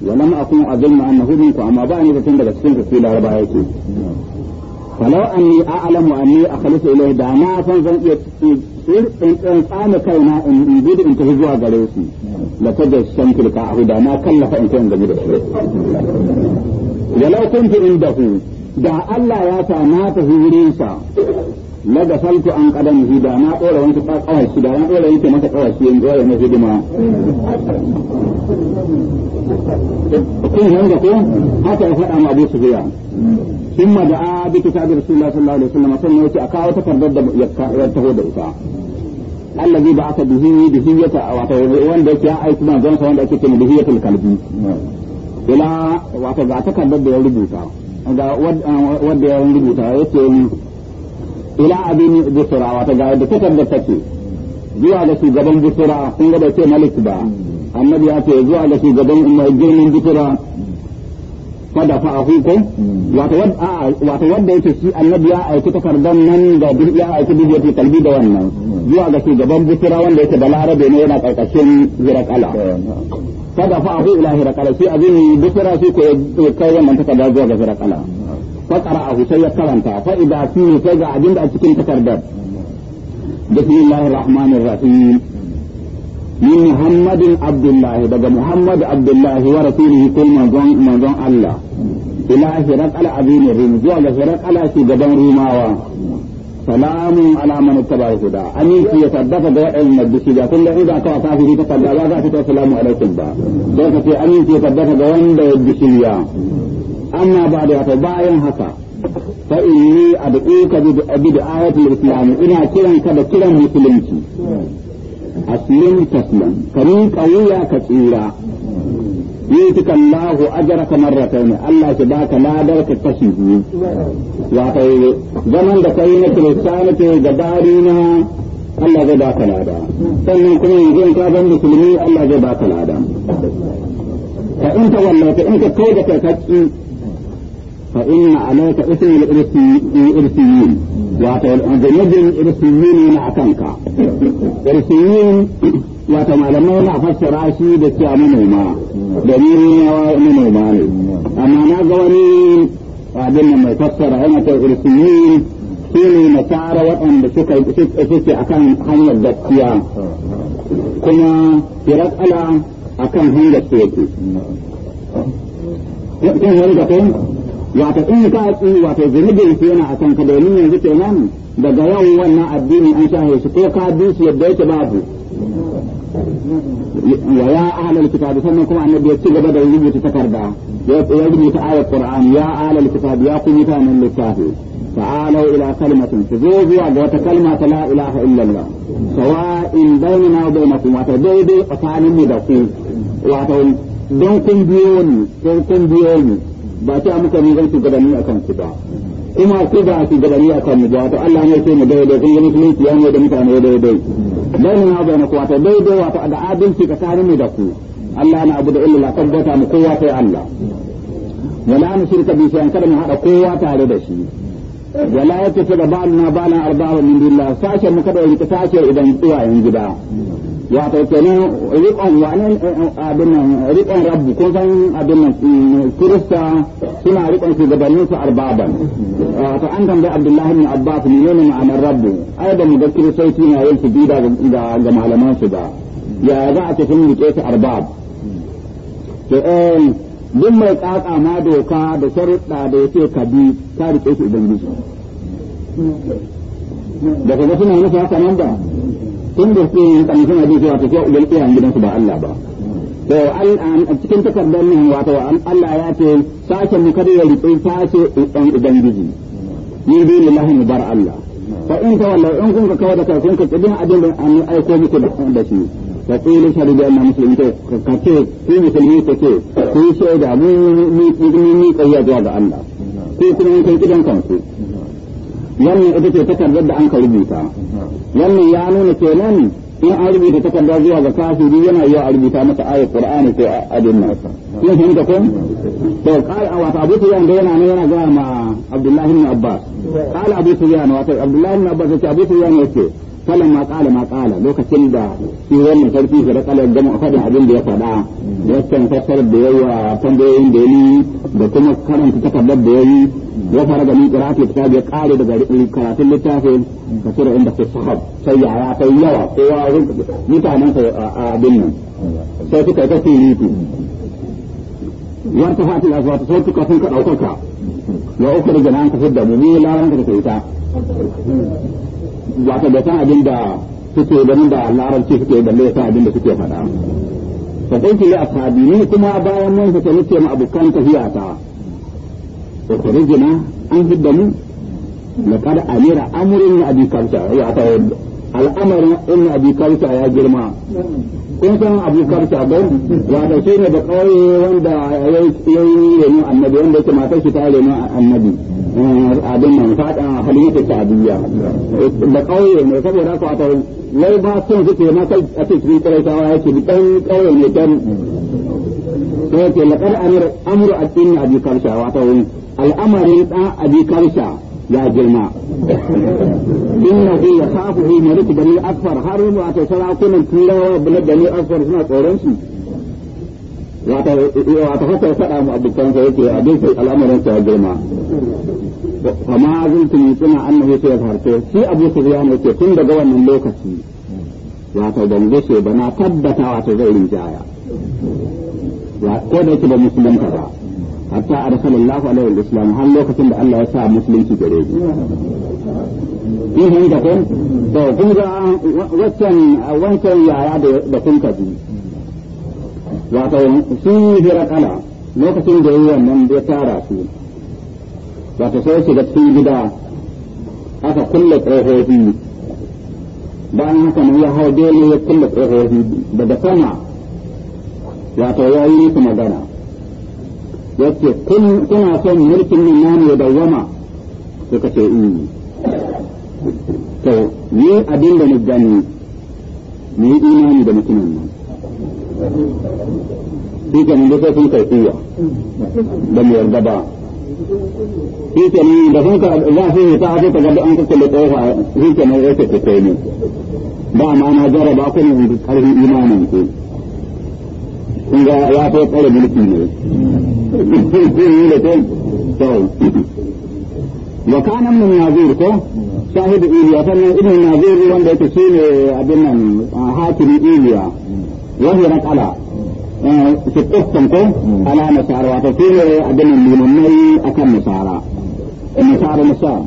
ولم أكن أظن أنه منك أما بأني تتندق السنة في الأربعة فلو أني أعلم أني أخلص إليه دعما فانزل يتصير إن كان كينا إن بيد إن تهزوها قريسي la tajassam tilka huda ma kallafa in kun gami da shi walau kuntu indahu da Allah ya sa na ta hurinsa la da falku an kadan da na dora wani kawai shi da na dora yake mata kawai shi yanzu ya mafi dima kun yanga ko haka ya faɗa ma Abu Sufyan ثم دعا بكتاب رسول الله صلى الله عليه وسلم ثم da ya taho da ita. allazi ba aka bihi bihiyata wato wanda yake ya aiki manzon sa wanda ake cewa bihiyatul kalbi ila wato ga ta takardar da ya rubuta ga wanda ya rubuta yake ni ila abin bisra wato ga da take da take zuwa ga shugaban bisra kun ga da ce malik ba annabi ya ce zuwa ga shugaban girman bisra kada fa hmm. a hukum wato wadda yake shi annabi ya aiki takardar nan da duk ya aiki duk yake kalbi da wannan hmm. zuwa ga gaban bukira wanda yake da larabe ne yana karkashin hirakala hmm. kala. fa a hukum hirakala shi abin bukira shi ko kai wannan takarda zuwa ga hirakala fa a sai ya karanta fa idan fi sai ga abin da a cikin takardar bismillahir rahmanir rahim min muhammadin abdullahi daga muhammad abdullahi wa rasulihi ko manzon manzon Allah ila hirak ala abin rim zuwa ala shi gaban rumawa salamun ala man taba huda aminci ya tabbata ga waɗannan bisi da inda ka kafiri ta kalla ba za ka ta salamu alaikum ba don ce aminci ya tabbata wanda ya bishiriya amma ba da ta bayan haka fa inni ad'uka bi islam ina kiranka da kiran musulunci أسلم تسلم كريك أويا كثيرا يؤتك الله أجرك مرتين الله سباك لا درك تشيه وفي زمن دقينا كريستانة جبارينا Allah zai baka lada sannan kuma yanzu in ka zan musulmi Allah zai baka lada fa in ta wallaita in ka kai da kai fa inna alayka ismul irsiyin wato na kanka wato malamai na fassara shi da manoma manoma ne amma na ga wani abin nan mai fassara yana ta irsiyin shi ne nasara waɗanda suka suke akan hanyar gaskiya kuma firakala akan hanyar teku da wato in ka ki wato zunubin su yana a kanka domin yanzu kenan daga yau wannan addini an shahe shi ko ka bi su yadda yake babu wa ya ahlal kitab sannan kuma annabi ya ci gaba da rubuta takarda ya rubuta ayat qur'an ya ahlal kitab ya ku mutanen littafi تعالوا إلى كلمة تزوجوا وتكلمة لا إله إلا الله سواء بيننا وبينكم وتدودوا أتعلموا دقيق وتدودوا kun biyo ni ko kun biyo ni ba ta muka ne zan shugabanni akan ku ba kuma ku ba shugabanni akan mu ba to Allah ne sai mu daidai kun ga musulunci ya ne da mutane daidai dai na ba na kuwa dai daidai wato da adalci tsakanin mu da ku Allah na abu da illa tabbata mu kowa sai Allah wala an shirka bi shay'an kada mu hada kowa tare da shi wala yake ta na ba na arba'a min billah mu kada yi ta idan tsuwa yanzu gida wato kenan rikon wani eh, eh, abin nan rikon rabu kun san abin nan mm, kirista suna rikon shugabannin su arbaban wato an tambayi abdullahi ibn abbas ne ma'anar rabu ai da mu ga kiristoci na yin su ga ga malaman su ba ya za a ce sun rike su arbab to eh duk mai tsaka ma doka da sharuɗa da yake kabi ta rike su shi ubangiji da kaga suna nufa haka nan ba tun da su kan suna jin cewa tafiya uban iyayen gidansu ba Allah ba to a cikin takardar nan wato Allah ya ce sake mu kada ya riƙe sake ɗan ubangiji ni bi lahi mu bar Allah fa in ta wallahi in kun ka kawo da kai kun ka tsibin abin da an aiko muku da shi fa qulu shahadu anna muslimin to ka ce ku musulmi ta ce ku shaida mu ni ni ni zuwa ga Allah ku kuma kun kidan kanku wannan ita ce takardar da an ka rubuta wannan ya nuna kenan in an rubuta takarda zuwa ga kafiri yana yi a rubuta masa ayar qur'ani ko adin nan kun da ko to a wata abu tuyan da yana yana ga ma abdullahi ibn abbas qala abu tuyan wa abdullahi ibn abbas ce abu tuyan yake falan ma kala ma kala lokacin da shi wannan sarki shi da kala gama faɗin abin da ya faɗa wancan fassar da yayi a tambayoyin da yayi da kuma karanta takardar da yayi ya fara da liƙirati ta ya kare daga karatun littafin ka tura inda ke sahab sai ya ya kai yawa kowa mutanen sa a abin nan sai suka ta filitu wata fatin aswata sai suka sun ka ɗaukaka ya uku da jana'an ka fidda mu ni lawan ka ta ita wato da san abin da suke ganin da larabci suke balle ya san abin da suke faɗa Ka kuntu ya ashabi ne kuma bayan mun fita nake ma abokan tafiya ta wa gina an hidda mu laqad amira na abi kabta ya ta al'amarin in abi ya girma kun san abu karta don wanda shi ne da kawai wanda ya yi yi annabi wanda yake matar shi ta renon annabi abin nan fada halittar sa'adiyya da ƙauye ne saboda ku a tau wai ba son suke na kai a cikin ƙuraitawa yake bi ɗan ƙauye ne ɗan ko yake laƙar amur amur a cikin abi karsha wato al'amarin ɗan abi karsha ya girma inna hu ya khafu hi malik ni asfar har wato sarakunan turawa ni asfar suna tsoron shi wata wata haka ya faɗa mu abokan sa yake a abin sai al'amarin sa ya girma amma zuntum suna annabi sai ya farko shi Abu Sufyan yake tun daga wannan lokaci wata ban gace ba na tabbata wata zai rinjaya ya ko da yake ba musulunta ba hatta arsalallahu alaihi wasallam har lokacin da Allah ya sa musulunci gare shi in hin kun to kun ga wancan yaya da kun kaji wato sun yi hira kala lokacin da yi wannan bai tara su wato sai shiga cikin gida aka kulle tsohofi bayan haka nan ya hau dole ya kulle tsohofi daga sama wato ya yi musu magana yace kuna son mulkin nan namu ya dawwama suka ce in mm. to ni abin da ni gani ni imani da mutumin nan shi ke nan sai sun kaifiya da mu yarda ba shi ke nan da sun ka za su yi ta ake ta gaba an ka kulle tsofa shi ke nan yake ta kai ne ba ma na jara ba ku ne karfin imanin ku kun ga ya fi tsara mulki ne yi da kai sau wa kanan mun nazir ko shahidu iliya sannan ibn nazir wanda yake shine abin nan hakimi iliya yanzu ya matsala su ƙasƙan ko ala nasara wata su ne a ganin limanai a kan nasara nasara nasa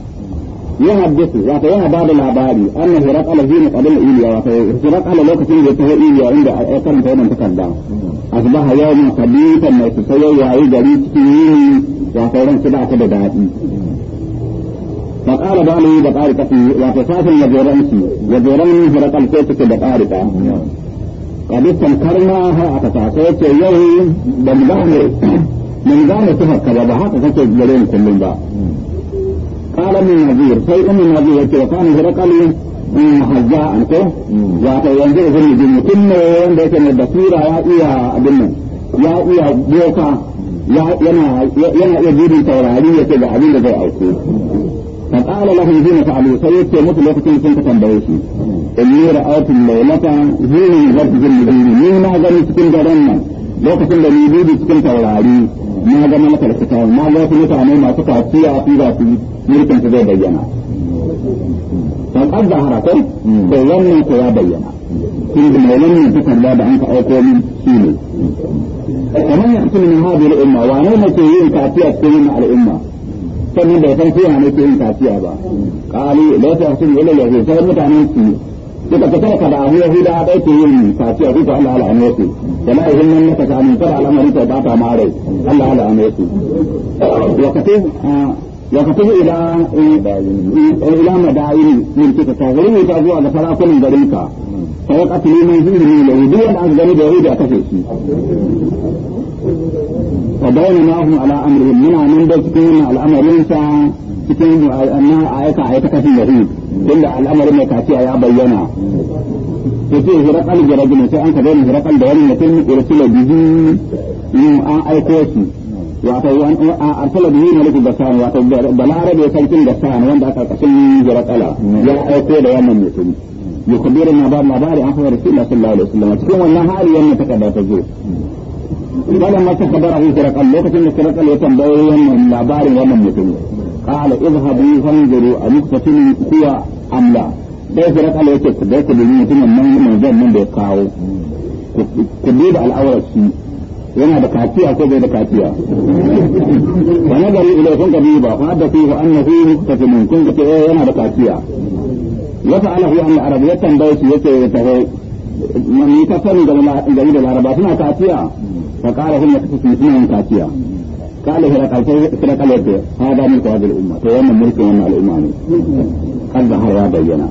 ya haddasa wata yana ba da labari an na hirar ala zini ƙalil iliya wata hirar ala lokacin da ya taho inda a karanta wannan takarda asbaha yawon kalifan mai su sayo yayi gari cikin yini wata ran su ba ta da daɗi فقال بعضه بقارقة وفي صاف المجرمس وجرمي في رقم كيف تبقارقة وبيتم كرمها أتتعطيت يوم بمضاني بمضاني تهكى وضحا تتجد جرين كل من قال من نظير سيئ من نظير وكان هرقا لي من حجاء أنكو وعطا ينزل ذلك دين كل يوم بيت من البصيرة يا إيا أبنى يا إيا بيوكا يا إيا يجيري تورالية بعدين ذي أوكو فقال له زينة علي سيد في مثل وقت كنت تنبيشي إني رأيت الليلة زين غد مين ما غني سكن جرنا لو كنت لمديني سكن تولاري ما غني لك الختام ما لو كنت عمي ما تقع فيها في ذاتي يمكن تزيد بينا فقد ظهرت فظنك يا بينا كنت مولم تكن لا بعنك أو قوم سيني ومن يحسن من هذه الأمة وعنين سيئين كأتيات سيئين على الأمة sannan bai san kowa ne ke yin kaciya ba kali la ta hasu illa lahu sai mutanen su suka ta kada da abu yahuda da ke yin kaciya duk Allah ala ne su kana idan nan maka ta amin kada al'amari ta ba ta mare Allah ala su wa وتتجه da إلى مدائن ملكك فغيره يتعزو على فراق من ذلك فيقتل من aka gani da ذنب يهود أتفسي وبينما هم على أمرهم منها من بيتكون Muna أمر ينسى cikin annan ayata ayata kafin yahud da al'amarin mai kafiya ya bayyana sai hirakal da rajulun sai an ka bayyana hirakal da wani mutum irsila bihi in an aiko shi wato arsala bihi da gasan wato kin da gasan wanda aka kasin jirakala ya aiko da wannan mutum na ba labari an fara rasulullah sallallahu alaihi wasallam cikin wannan hali ta kada ta zo ولما تخبره سرقل لوكتن سرقل يتنبوي من لابار ومن متن قال اذهبوا فانظروا أمقتل هو أم لا dai su da yake ku dai ku dubi mutumin nan mun zan nan da ya kawo ku duba yana da kafiya ko bai da kafiya wa nazari ila kun kabiba fa hadda fihi annahu mustatimun kun ga eh yana da kafiya ya alahu an arab ya tambaye shi yace ta ho eh, ni ka sani da da laraba suna kafiya fa qala hum yaktusu suna kafiya قال هي قال كده قال هذا ملك هذه الامه تو يوم ملك يوم الامه قد هذا bayyana.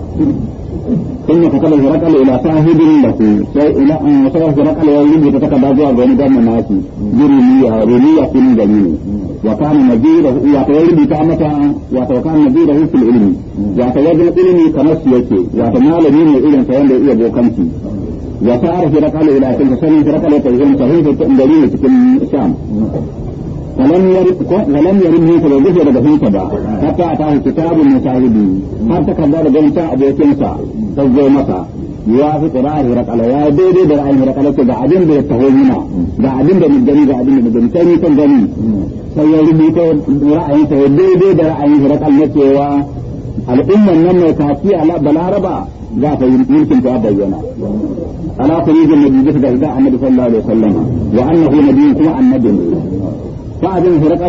ثم كتب هرقل إلى صاحب له صاحب هرقل يولد تتكبى زوا غني دم ناسي برمية رمية كل جميل وكان نذيره يتولد تعمة وكان نذيره في العلم يتولد العلم كنسيته يتمال من العلم فيند إلى بوكمتي وصار هرقل إلى تلك سنة هرقل يتولد صحيح الدليل في الشام ولم يرد ولم يرد هيك لو جزء daga hinka ba hatta a tahu kitabun musahibi har ta kaza da ganta abokinsa ta zo masa ya fi qira'a hirakala ya daidai da ra'ayin hirakala ko ga abin ya taho mina ga abin da gani ga abin da gani sai ni kan gani sai ya rubuta ra'ayin sa daidai da ra'ayin hirakala cewa al'umman nan mai kafiya a balaraba za ta yumkin ta bayyana ala da wa annahu nabiyyun kuma annabi ne فأذن هرق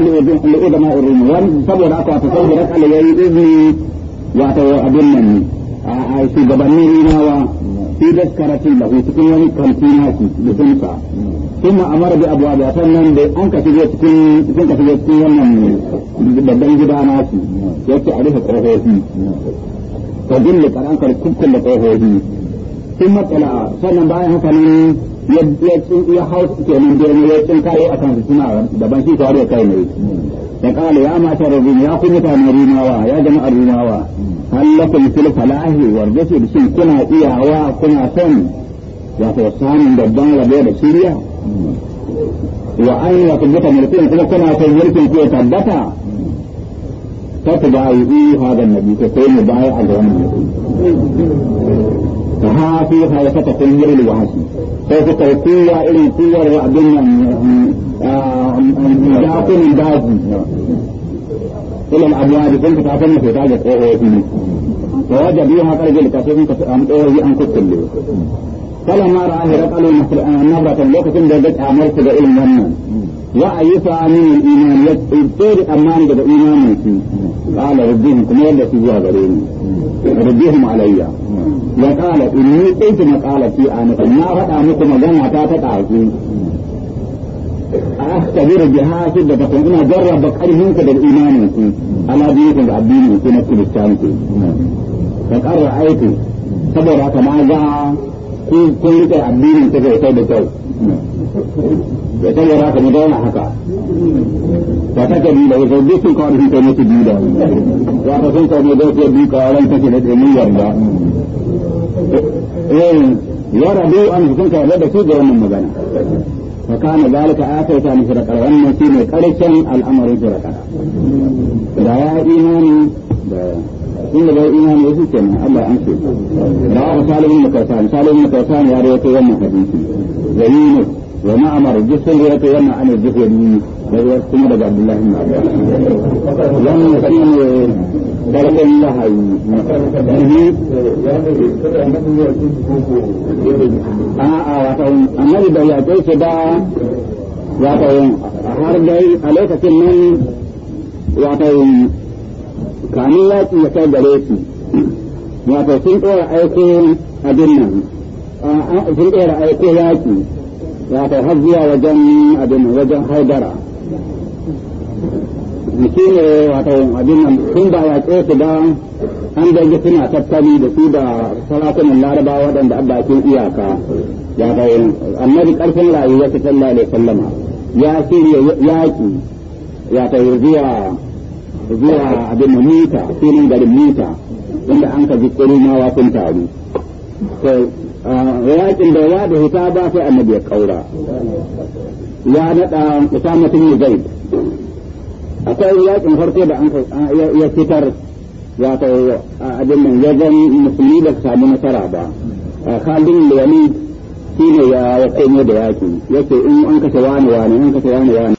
لعلماء الروم wani saboda aka wata sai huraka da yayi izini wata abin nan a shugabannin rinawa fi daskaratin lahu cikin wani na naki da sunsa kuma amara bi abuwa da nan da an ka shige cikin sun ka shige cikin wannan babban gida nasu yace a rufe kofofi ka dille karan kukkun da sannan bayan haka ne ya cin ya hau ke nan da ya cin a akan suna daban shi ko da kai ne ya kala ya mata rabin ya kuma ta rimawa ya jama'a rimawa hallakum fil falahi warjatu bishin kuna iyawa kuna son ya ko samun babban rabo da shiriya wa an ya tabbata mulkin kuma kuna son mulkin ku tabbata ta tabayi hada nabi sai mu baya a ga wannan ha fi halakata kun yi rili wahashi ko ku kawo irin kowar wa abin nan ya ni daji kuma abu ya jikin ka tafi mafi daji ko ya fi ni ko ya jabi ya haƙar gili kafin ka fi yi an kukkun kala mara ahira kalu na fura'an nan lokacin da ya ga ƙamar ku ga irin wannan ra'ayi fa amin iman ya tsiri amman daga imanin su qala rabbih kuma yadda su zuwa gare ni rabbih mu alayya ya qala inni qaitu ma qala fi ana na fada muku magana ta ta ku a ta bi rabbiha sidda ta kuma jarra bakarin ku da imanin ku ala bi ku da abin ku na kristiyan ku ka qara ayati saboda ka maza ku ku rike abin da kai da kai ya tayyara haka mu zauna haka ta ta kabi da wajen duk sun kawo da hinta musu biyu da ya ta sun kawo da wajen biyu kawo ran take da ɗari yarda ya rabu an sun kawo da su ga wannan magana فكان ذلك آتيت من فرقة وأن في مقرشا الأمر فرقة دعاء إيمان إن لا إيمان يسكن الله أنسي دعاء صالح بن كيسان صالح بن كيسان يا ريت يوم حديثي ويونس wa ma'amar jisul ya ta yana ana jisul ni da kuma daga abdullahi ibn abbas lam yakun barkan lahayi a a wato annabi bai ya kai shi ba wato har dai a lokacin nan wato kamin yaki ya kai gare shi wato sun tsora aiko abin nan sun tsora aiko yaki wato har zuwa wajen abin wajen haidara shi ne wato abin nan tun ba ya ce su an dangi suna tattali da su da sarakunan laraba waɗanda abba ke iyaka ya bayan annabi ƙarfin rayuwa su sallallahu da sallama ya shirya yaƙi ya ta zuwa zuwa abin nan mita filin garin mita inda an ka ji mawa ma wa kun taru yakin da ya da hita ba sai annabi ya kaura ya nada usama bin zaid akwai yakin farko da an ya fitar ya ta abin nan ya zan musulmi da samu nasara ba khalid bin walid shine ya ya kai da yaki yace in an kashe wani wani an kashe wani wani